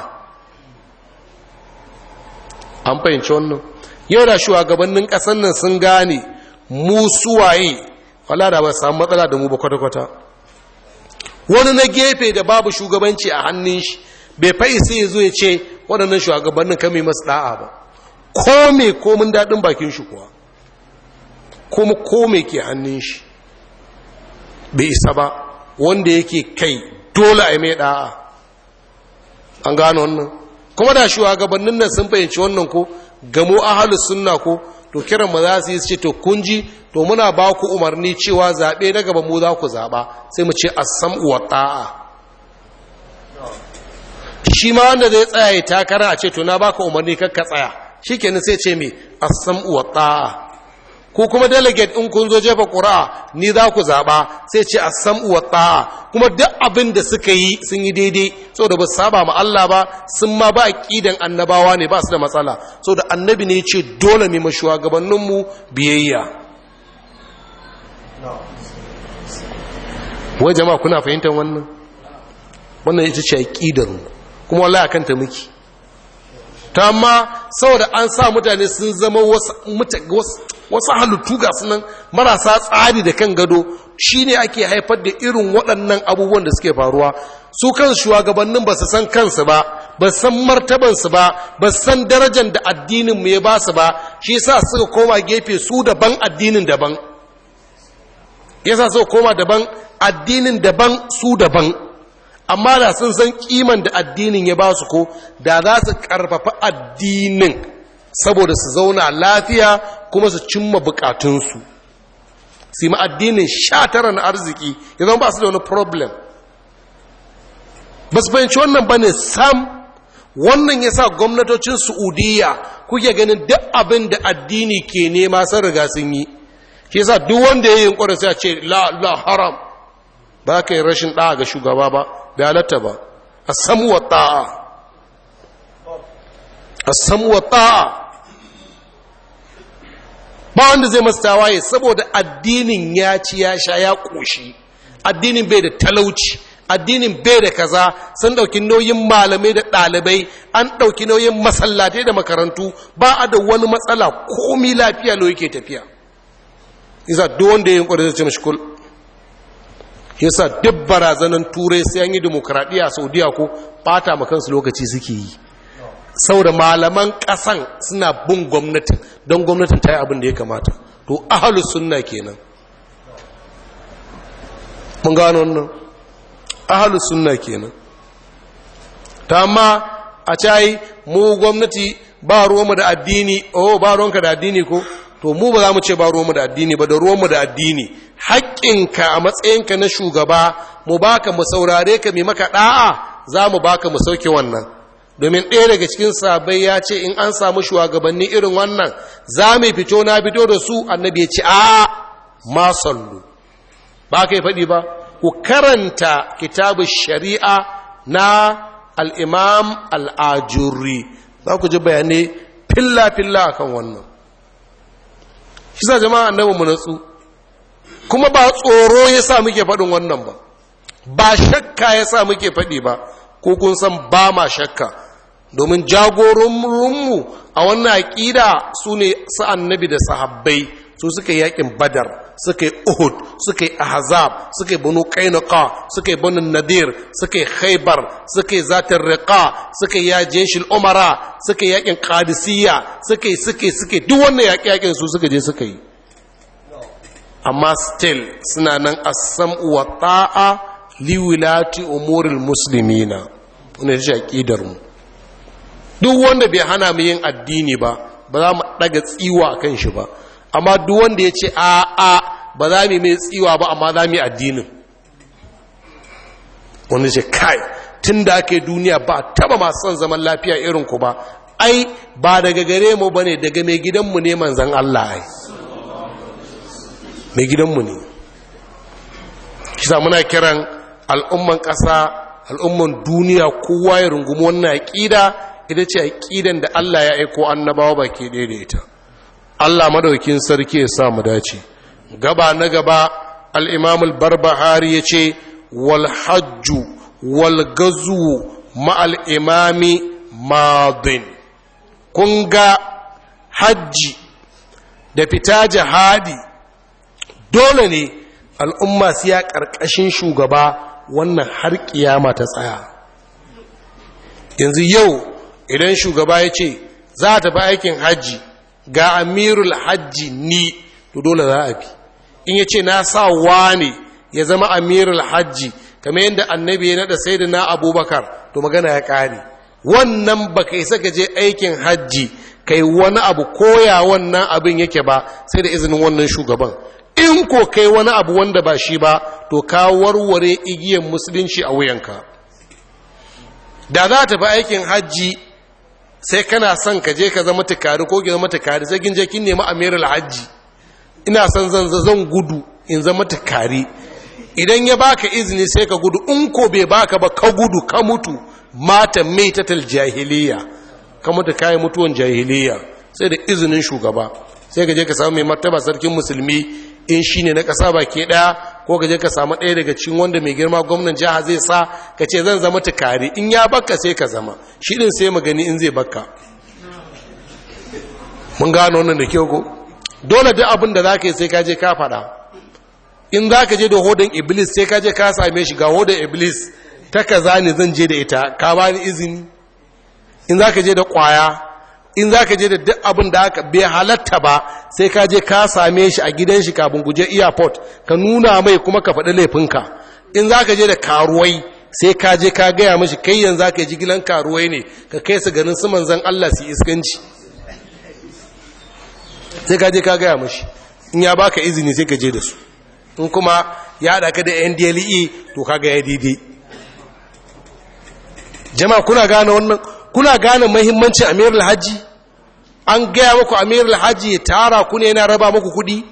an fahimci wannan yau da shugabannin kasan nan sun gane mu suwaye wala da ba samu matsala da mu ba kwata-kwata wani na gefe da babu shugabanci a hannun shi bai fa'i sai zo ya ce waɗannan shugabannin kame masu ɗa'a ba ko me komin daɗin bakin shi kuwa kuma ko me ke hannun shi bai isa ba wanda yake kai dole a mai ɗa'a an gano wannan kuma da shugabannin nan sun fahimci wannan ko gamo ahalus sunna ko to kiran ma za su yi su ce to kun ji to muna ba ku umarni cewa zaɓe na gaba mu za ku zaɓa sai mu ce a sam'uwa ɗa'a. shi ma wanda zai tsaya ya takara a ce to na baka umarni kakka tsaya kenan sai ce me a samu ta'a ko kuma delegate in kun zo jefa ƙura'a ni za ku zaɓa sai ce a sam ta'a kuma duk abin da suka yi sun yi daidai saboda ba saba ma Allah ba sun ma ba ƙidan annabawa ne ba su da matsala saboda annabi ne ce dole ne mu gabaninmu biyayya wai jama'a kuna fahimtar wannan wannan ita ce ƙidar mu kuma wallahi akan ta miki ta amma saboda an sa mutane sun zama wasu halittu ga sunan marasa tsari da kan gado shine ake haifar da irin waɗannan abubuwan da suke faruwa su kan shugabannin ba su san kansu ba ba su san martabansu ba ba su san darajar da addinin mu ya ba su ba shi yasa suka koma gefe su daban addinin daban yasa suka koma daban addinin daban su daban amma da sun san kiman da addinin ya ba su ko da za su karfafa addinin saboda su zauna lafiya kuma su cimma bukatunsu su yi addinin sha tara na arziki ya zama ba su da wani problem ba su fahimci wannan ba ne sam wannan ya sa gwamnatocin su'udiyya kuke ganin duk abin da addini ke nema sun riga sun yi ke sa duk wanda ya yi yunkurin sai ce la haram ba ka yi rashin ɗaga ga shugaba ba bai halatta ba a samuwa ta'a a samuwa ta'a ba wanda zai masu tawaye saboda addinin ya ci ya sha ya ƙoshi addinin bai da talauci addinin bai da kaza sun ɗauki nauyin malamai da ɗalibai an ɗauki nauyin masallatai da makarantu ba a da wani matsala komi lafiya lo yake tafiya isa duk wanda ya yi ƙwarar zai ce mashi yasa duk barazanan turai sai an yi demokradiyya a saudiya ko bata makansu lokaci suke yi saboda malaman kasan suna bin gwamnatin don gwamnatin ta yi abin da ya kamata to ahalus sunna kenan mun gano wannan ahalus sunna kenan ta amma a cayi mu gwamnati ba ruwanmu da addini oh ba ruwanka da addini ko to mu ba za mu ce ba ruwanmu da addini ba da ruwanmu da addini haƙƙinka a matsayinka na shugaba mu baka mu saurare ka mai maka ɗa'a za mu baka mu sauke wannan domin ɗaya daga cikin sabai ya ce in an samu shugabanni irin wannan za mu fito na fito da su annabi ya ce a ma sallu ba ka yi faɗi ba ku karanta kitabu shari'a na al'imam al'ajuri za ku ji bayanai filla-filla a kan wannan shi sa jama'a annabi mu natsu kuma ba tsoro ya sa muke faɗin wannan ba ba shakka ya sa muke faɗi ba ko kun san ba ma shakka domin mu a wannan aƙida sune ne su annabi da sahabbai su suka yi yakin badar suka yi uhud suka yi ahzab suka yi banu kainuka suka yi banu nadir suka yi khaybar suka yi zatin riqa suka yi jeshil umara suka yi yakin qadisiyya suka yi suke suke duk wannan yaƙi yakin su suka je suka yi amma still suna nan asam wa ta'a liwilati umuril muslimina wannan shi aqidar mu duk wanda bai hana mu yin addini ba ba za mu ɗaga tsiwa kan shi ba amma duk wanda ya ce a a ba za mu mai tsiwa ba amma za mu yi addinin wanda ce kai tun da ake duniya ba taba masu son zaman lafiya irin ku ba ai ba daga gare mu bane daga mai gidanmu ne manzan Allah ai mai gidanmu ne kisa muna kiran al'umman ƙasa al'umman duniya kowa ya rungumi wannan aƙida ita ce aƙidan da Allah ya aiko annabawa baki ɗaya da ita Allah madaukin sarki ya sa mu dace gaba na gaba al-Imam al-Barbahari yace wal hajju wal gazu ma al-imami madin kun ga hajji da fita jihadi dole ne al'umma su ya ƙarƙashin shugaba wannan har kiyama ta tsaya yanzu yau idan shugaba ya ce za ta fi aikin hajji ga amirul hajji ni to dole za a fi. in ya ce na sa ne ya zama amirul hajji kamar yadda annabi ya naɗa sai da na abubakar to magana ya kare wannan ba kai ka je aikin hajji kai wani abu koya wannan abin yake ba sai da izinin wannan shugaban in ko kai wani abu wanda ba shi ba to ka warware igiyan musulunci a wuyanka da za ta fi aikin hajji sai kana son ka je ka zama tukari ko ka zama tukari sai kin je kin nemi amirul hajji ina son zan zan gudu in zama tukari idan ya baka izini sai ka gudu in ko bai baka ba ka gudu ka mutu mata maitatul jahiliya ka mutu kai mutuwan jahiliya sai da izinin shugaba sai ka je ka samu mai martaba sarkin musulmi in shi ne na ƙasa ke ɗaya ko ka je ka samu ɗaya daga cikin wanda mai girma gwamnan jiha zai sa ka ce zan zama tukari in ya baka sai ka zama shi ɗin sai magani in zai baka. mun gano wannan da kyau ko dole duk abin da za ka yi sai ka je ka faɗa in za ka je da hodon iblis sai ka je ka same shi ga hodon iblis ta ka zane zan je da ita ka ba ni izini in za ka je da kwaya in za ka je da duk abin da aka bai halatta ba sai ka je ka same shi a gidan shi kafin guje airport ka nuna mai kuma ka faɗi laifinka in za ka je da karuwai sai ka je ka gaya mashi kai yanzu ka ji gidan karuwai ne ka kai su ganin su zan Allah su iskanci sai ka je ka gaya mashi in ya baka izini sai ka je da su in kuma ya haɗa ka da ndle to ka ga ya daidai jama'a kuna gane wannan kuna gane muhimmancin amirul hajji an gaya muku amir alhaji tara ku ne yana raba muku kuɗi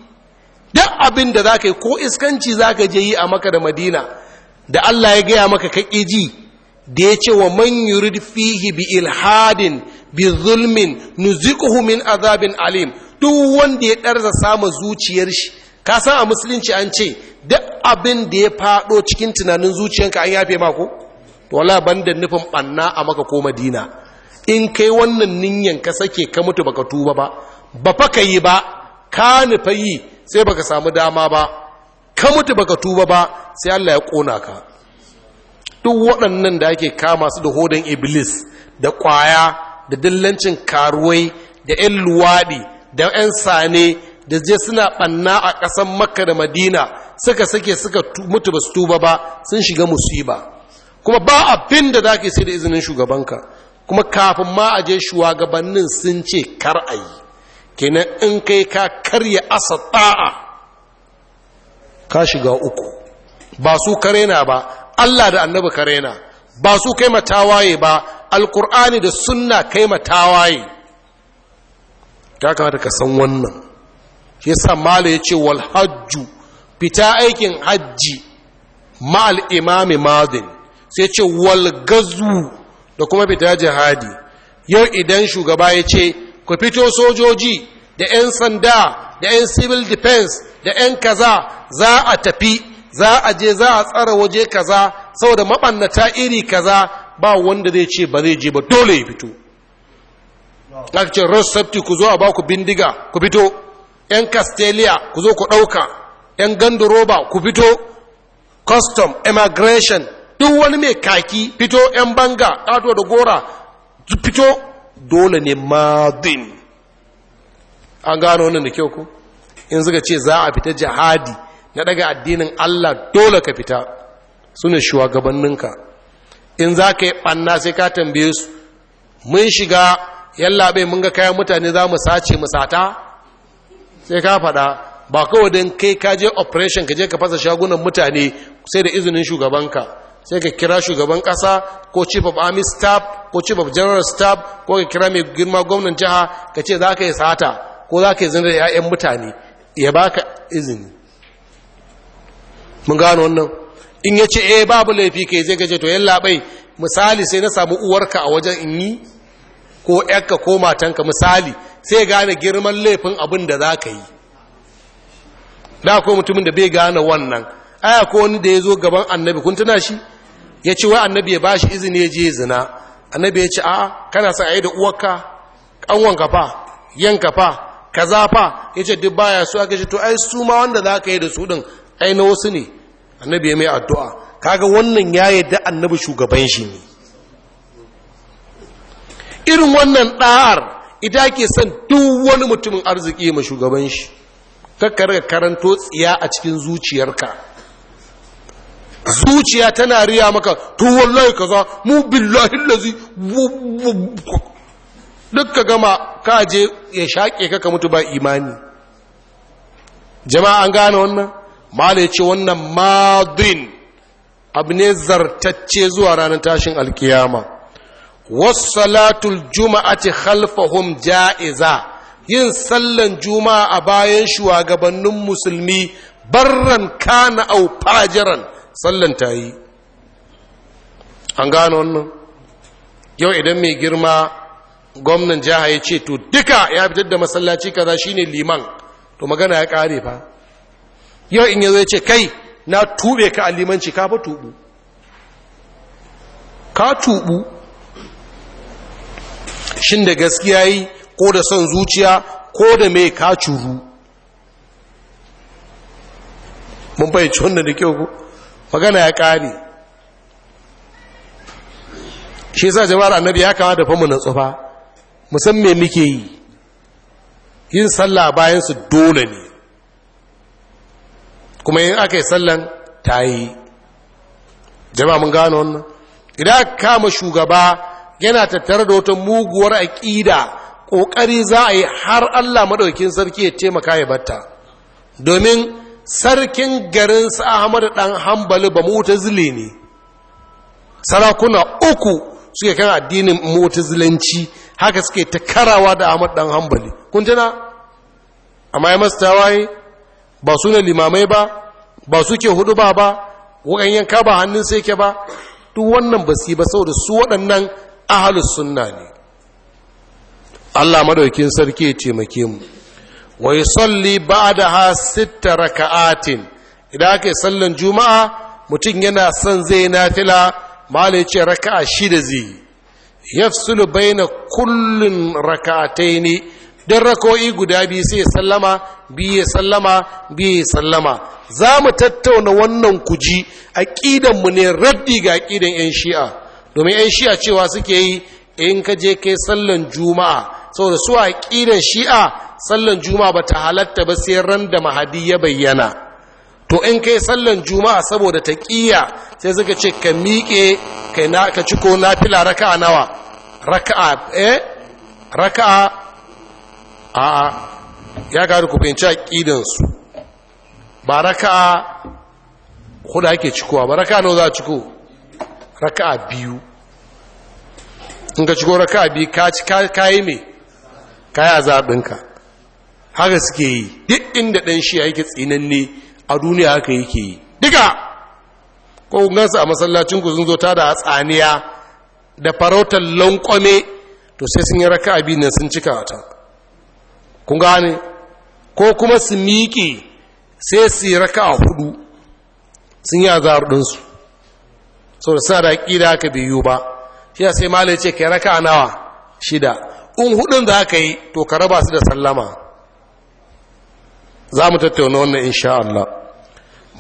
duk abin da za ka yi ko iskanci za ka je yi a maka da madina da allah ya gaya maka ka ji da ya ce wa man yurid fihi bi ilhadin bi zulmin nuziquhu min azabin alim duk wanda ya ɗarza samun zuciyar shi ka san a musulunci an ce duk abin da ya faɗo cikin tunanin zuciyanka an yafe mako to wala ban da nufin ɓanna a maka ko madina in kai wannan ninyan ka sake ka mutu baka tuba ba ba fa ka yi ba ka nufa yi sai baka samu dama ba ka mutu baka tuba ba sai Allah ya kona ka duk waɗannan da ake kama su da hodon iblis da ƙwaya da dillancin karuwai da ƴan luwaɗi da ƴan sane da je suna ɓanna a ƙasan makka da madina suka sake suka mutu ba su tuba ba sun shiga musiba kuma ba abin da za ka sai da izinin shugabanka kuma kafin ma a je shugabannin sun ce kar a yi kenan in kai ka karya asa ta'a ka shiga uku ba su karena ba allah da annabi karena ba su kai matawaye ba alkur'ani da sunna kai matawaye ta kamata ka san wannan shi yasa mala ya ce wal hajju fita aikin hajji ma'al imami madin sai ce wal gazu da kuma fita jihadi yau idan shugaba ya ce ku fito sojoji da 'yan sanda da 'yan civil defense da 'yan kaza za a tafi za a je za a tsara waje kaza saboda maɓannata iri kaza ba wanda zai ce ba zai je ba dole ya fito aka ce rossafti ku zo a ba ku bindiga ku fito 'yan castelia ku zo ku ɗauka 'yan gandu roba, ku fito custom immigration duk wani mai kaki fito yan banga ƙato da gora fito dole ne madin an gano wannan da kyau ku in suka ce za a fita jihadi na daga addinin Allah dole ka fita su ne shugabanninka in za ka yi ɓanna sai ka tambaye su mun shiga yallaɓe mun ga kayan mutane za mu sace mu sata sai ka faɗa ba kawai don kai ka je operation ka je ka fasa shagunan mutane sai da izinin shugabanka sai ka kira shugaban kasa ko chief of army staff ko chief of general staff ko ka kira mai girma gwamnan jiha ka ce za ka yi sata ko za ka yi zina 'ya'yan mutane ya ka izini mun gano wannan in ya ce eh babu laifi kai zai gaje to yalla labai misali sai na samu uwarka a wajen in yi ko ƴarka ko matanka misali sai gane girman laifin abin da za ka yi da akwai mutumin da bai gane wannan aya ko wani da ya zo gaban annabi kun tana shi ya ce wai annabi ya bashi izini ya je zina annabi ya ce a kana sa yi da uwarka kanwan fa yanka fa kaza fa ya ce duk baya su aka ce to ai su ma wanda za ka yi da su din ai na wasu ne annabi ya mai addu'a kaga wannan ya yi da annabi shugaban shi ne irin wannan ɗa'ar ita ke son duk wani mutumin arziki ma shugaban shi kakkar karanto tsiya a cikin zuciyarka zuciya tana riya maka to wallahi kaza mu billahi allazi duk gama ka je ya shaƙe ka ka mutu ba imani jama'a an gane wannan mala ya ce wannan madin abu ne zartacce zuwa ranar tashin alkiyama wassalatul ce khalfahum ja'iza yin sallan juma'a a bayan shugabannin musulmi barran kana au fajiran sallan ta yi an gano wannan yau idan mai girma gwamnan jiha ya ce to duka ya fitar da masallaci kaza shine liman to magana ya kare fa yau in yazo ya ce kai na tube ka a limanci ka fa tubu ka tubu shin da gaskiya yi ko da son zuciya ko da mai ka curu mun fahimci wannan da kyau ku magana ya ƙare shi sa jama'ar annabi ya kama da famu na tsufa musamman muke yi yin sallah bayansu dole ne kuma yin aka yi sallan ta yi jama'a mun gano wannan idan aka kama shugaba yana tattare da wata muguwar aƙida ƙoƙari za a yi har allah maɗaukin sarki ya taimaka ya batta domin sarkin garin su da ɗan hambali ba zile ne sarakuna uku suke kan addinin mutazilanci haka suke ta karawa da ahmadu ɗan hambali kun tuna amma ya masu tawaye ba su ne limamai ba ba ke hudu ba ba wakan yanka ba hannun sai ke ba duk wannan ba su ba saboda su waɗannan ahalus sunna ne Allah madaukin sarki ya taimake mu wa yusalli ba'daha sitta raka'atin idan aka yi sallan juma'a mutum yana son zai nafila malai ce raka'a shida zai yafsulu baina kullun ne dan rako'i guda biyu sai sallama biyu sallama biyu sallama za mu tattauna wannan kuji mu ne raddi ga aqidan yan shi'a domin yan shi'a cewa suke yi in ka je kai sallan juma'a saboda su aqidan shi'a sallan juma'a ba ta halatta ba sai ran da mahadi ya bayyana to in kai sallan juma'a saboda ta ƙiya sai suka ce ka miƙe kai na ka ci ko na fila raka'a nawa raka'a eh raka'a a'a ya gari ku fahimci aƙidansu ba raka'a huda ake cikowa ba raka'a nawa za a ciko raka'a biyu in ka ciko raka'a biyu ka yi me? ka yi azabinka haka suke yi duk inda ɗan shi yake tsinanne a duniya haka yake yi duka ko gansu a masallacin ku sun zo ta da tsaniya da farautar lankwame to sai sun yi raka abin nan sun cika ta kun gane ko kuma su miƙe sai su yi raka a hudu sun yi azahar ɗinsu sau da sa da ƙida haka biyu ba shi ya sai malai ce kai raka nawa shida in hudun za ka yi to ka raba su da sallama za mu tattauna wannan insha Allah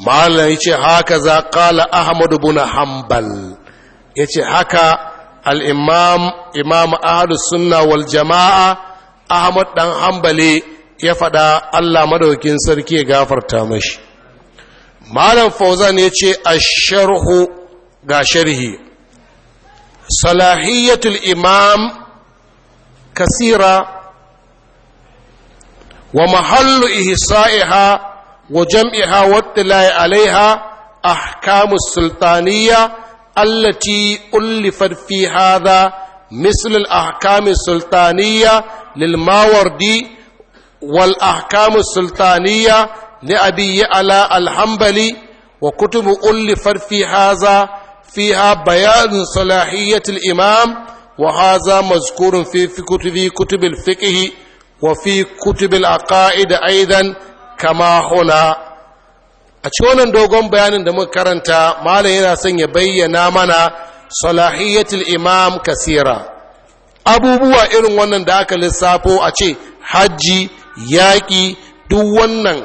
malam yace haka za qala ahmad ibn hanbal yace haka al-imam imam ahlus sunna wal jamaa ahmad dan hanbali ya faɗa. Allah madaukin sarki ya gafarta mashi malam fauzan yace a sharhu ga sharhi Salahiyyatul imam kasira wa mahallu ihsa'iha wa jam'iha wa tilai alaiha ahkamus sultaniya allati ullifat fi hadha مثل الأحكام السلطانية للماوردي والأحكام السلطانية لأبي على الحنبلي وكتب ألفت في هذا فيها بيان صلاحية الإمام وهذا مذكور في, في كتب كتب الفقه وفي كتب العقائد أيضا كما هنا a ci wannan dogon bayanin da muka karanta malam yana son ya bayyana mana salahiyatul imam kasira abubuwa irin wannan da aka lissafo a ce hajji yaƙi duk wannan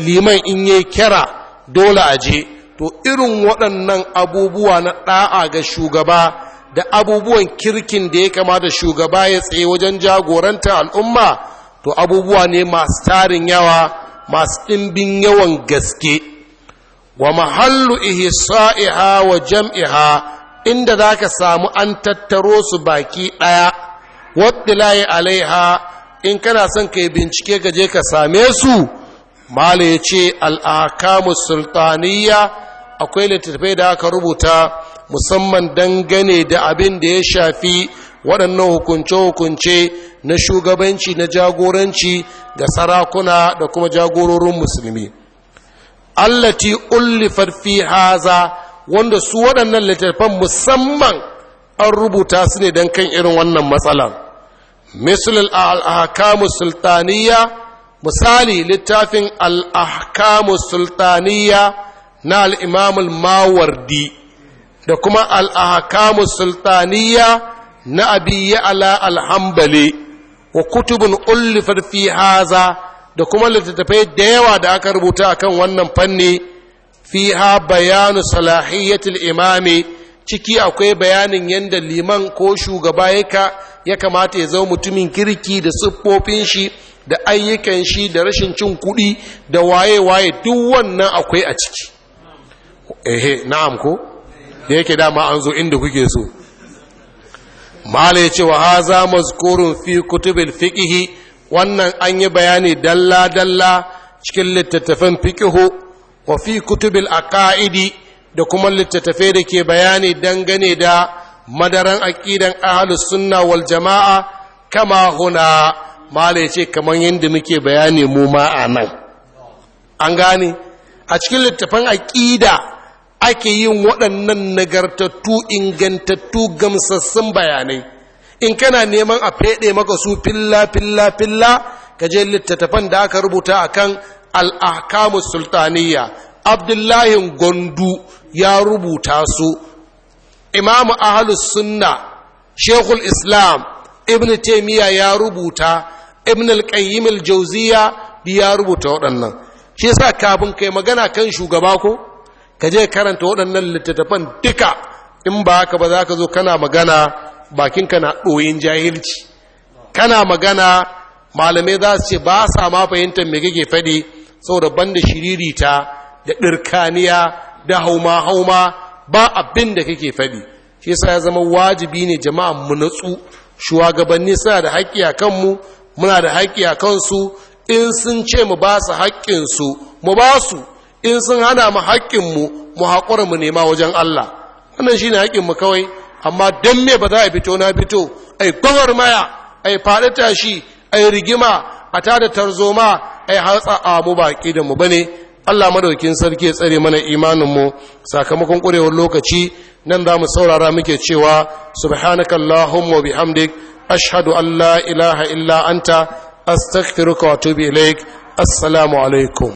liman in yi kira dole a je to irin waɗannan abubuwa na ɗa'a ga shugaba da abubuwan kirkin da ya kamata shugaba ya tsaye wajen jagoranta al'umma to abubuwa ne masu tarin yawa masu ɗimbin yawan gaske wa mahallu ihsa'iha wa jam'iha inda za ka samu an tattaro su baki ɗaya waɗilaye alaiha in kana son ka bincike ka je ka same su mala ya ce al'akamu sultaniya akwai littattafai da aka rubuta musamman dangane da abin da ya shafi waɗannan hukunce-hukunce na shugabanci na jagoranci ga sarakuna da kuma jagororin musulmi allati ullifar fi haza wanda su waɗannan littattafan musamman an rubuta su ne don kan irin wannan matsalan misalin al'akamu sultaniya misali littafin al'akamu sultaniya na al'imamul mawardi da kuma al'ahakamu sultaniya na abiyya ala alhambali wa kutubin ullifar fi haza da kuma littattafai da yawa da aka rubuta a kan wannan fanni fi ha bayanu salahiyyatul imami ciki akwai bayanin yadda liman ko shugaba ya kamata ya zama mutumin kirki da siffofin shi da ayyukan shi da rashin cin kuɗi da waye-waye duk wannan akwai a ciki ehe na'am ko da yake dama an zo inda kuke so mala ya ce wa haza mazkurun fi kutubil fiqihi wannan an yi bayani dalla dalla cikin littattafan fikihu wa fi kutubil aqaidi da kuma littattafai da ke bayani dangane da madaran aƙidan ahlus sunna wal jamaa kama huna mala ce kamar yadda muke bayani mu ma a nan an gane a cikin littattafan aƙida. ake yin waɗannan nagartattu ingantattu gamsassun bayanai in kana neman a feɗe maka su filla filla filla ka je littattafan da aka rubuta akan al'akamus sultaniya abdullahi gondu ya rubuta su imamu ahalus sunna shekul islam ibn taimiyya ya rubuta ibn al-qayyim jauziya ya rubuta waɗannan shi yasa kafin kai magana kan shugaba ko ka je karanta waɗannan littattafan duka in ba haka ba za ka zo kana magana bakinka na ɗoyin jahilci kana magana malamai za su ce ba sa ma fahimtar mai kake faɗi saboda banda shiririta da ɗirkaniya da hauma-hauma ba abin da kake faɗi shi yasa ya zama wajibi ne jama'a mu natsu shugabanni suna da haƙƙi a kanmu muna da haƙƙi a kansu in sun ce mu ba su haƙƙinsu mu ba su in sun hana mu haƙƙinmu mu haƙura mu nema wajen Allah wannan shi ne haƙƙinmu kawai amma don me ba za a fito na fito a yi gwamar maya a yi faɗi tashi a yi rigima a tada tarzoma yi hatsa a mu baƙi da mu ba ne. Allah madaukin sarki ya tsare mana imaninmu sakamakon ƙurewar lokaci nan za mu saurara muke cewa subhanakallahumma bihamdik ashhadu an la ilaha illa anta astaghfiruka wa atubu ilaik assalamu alaikum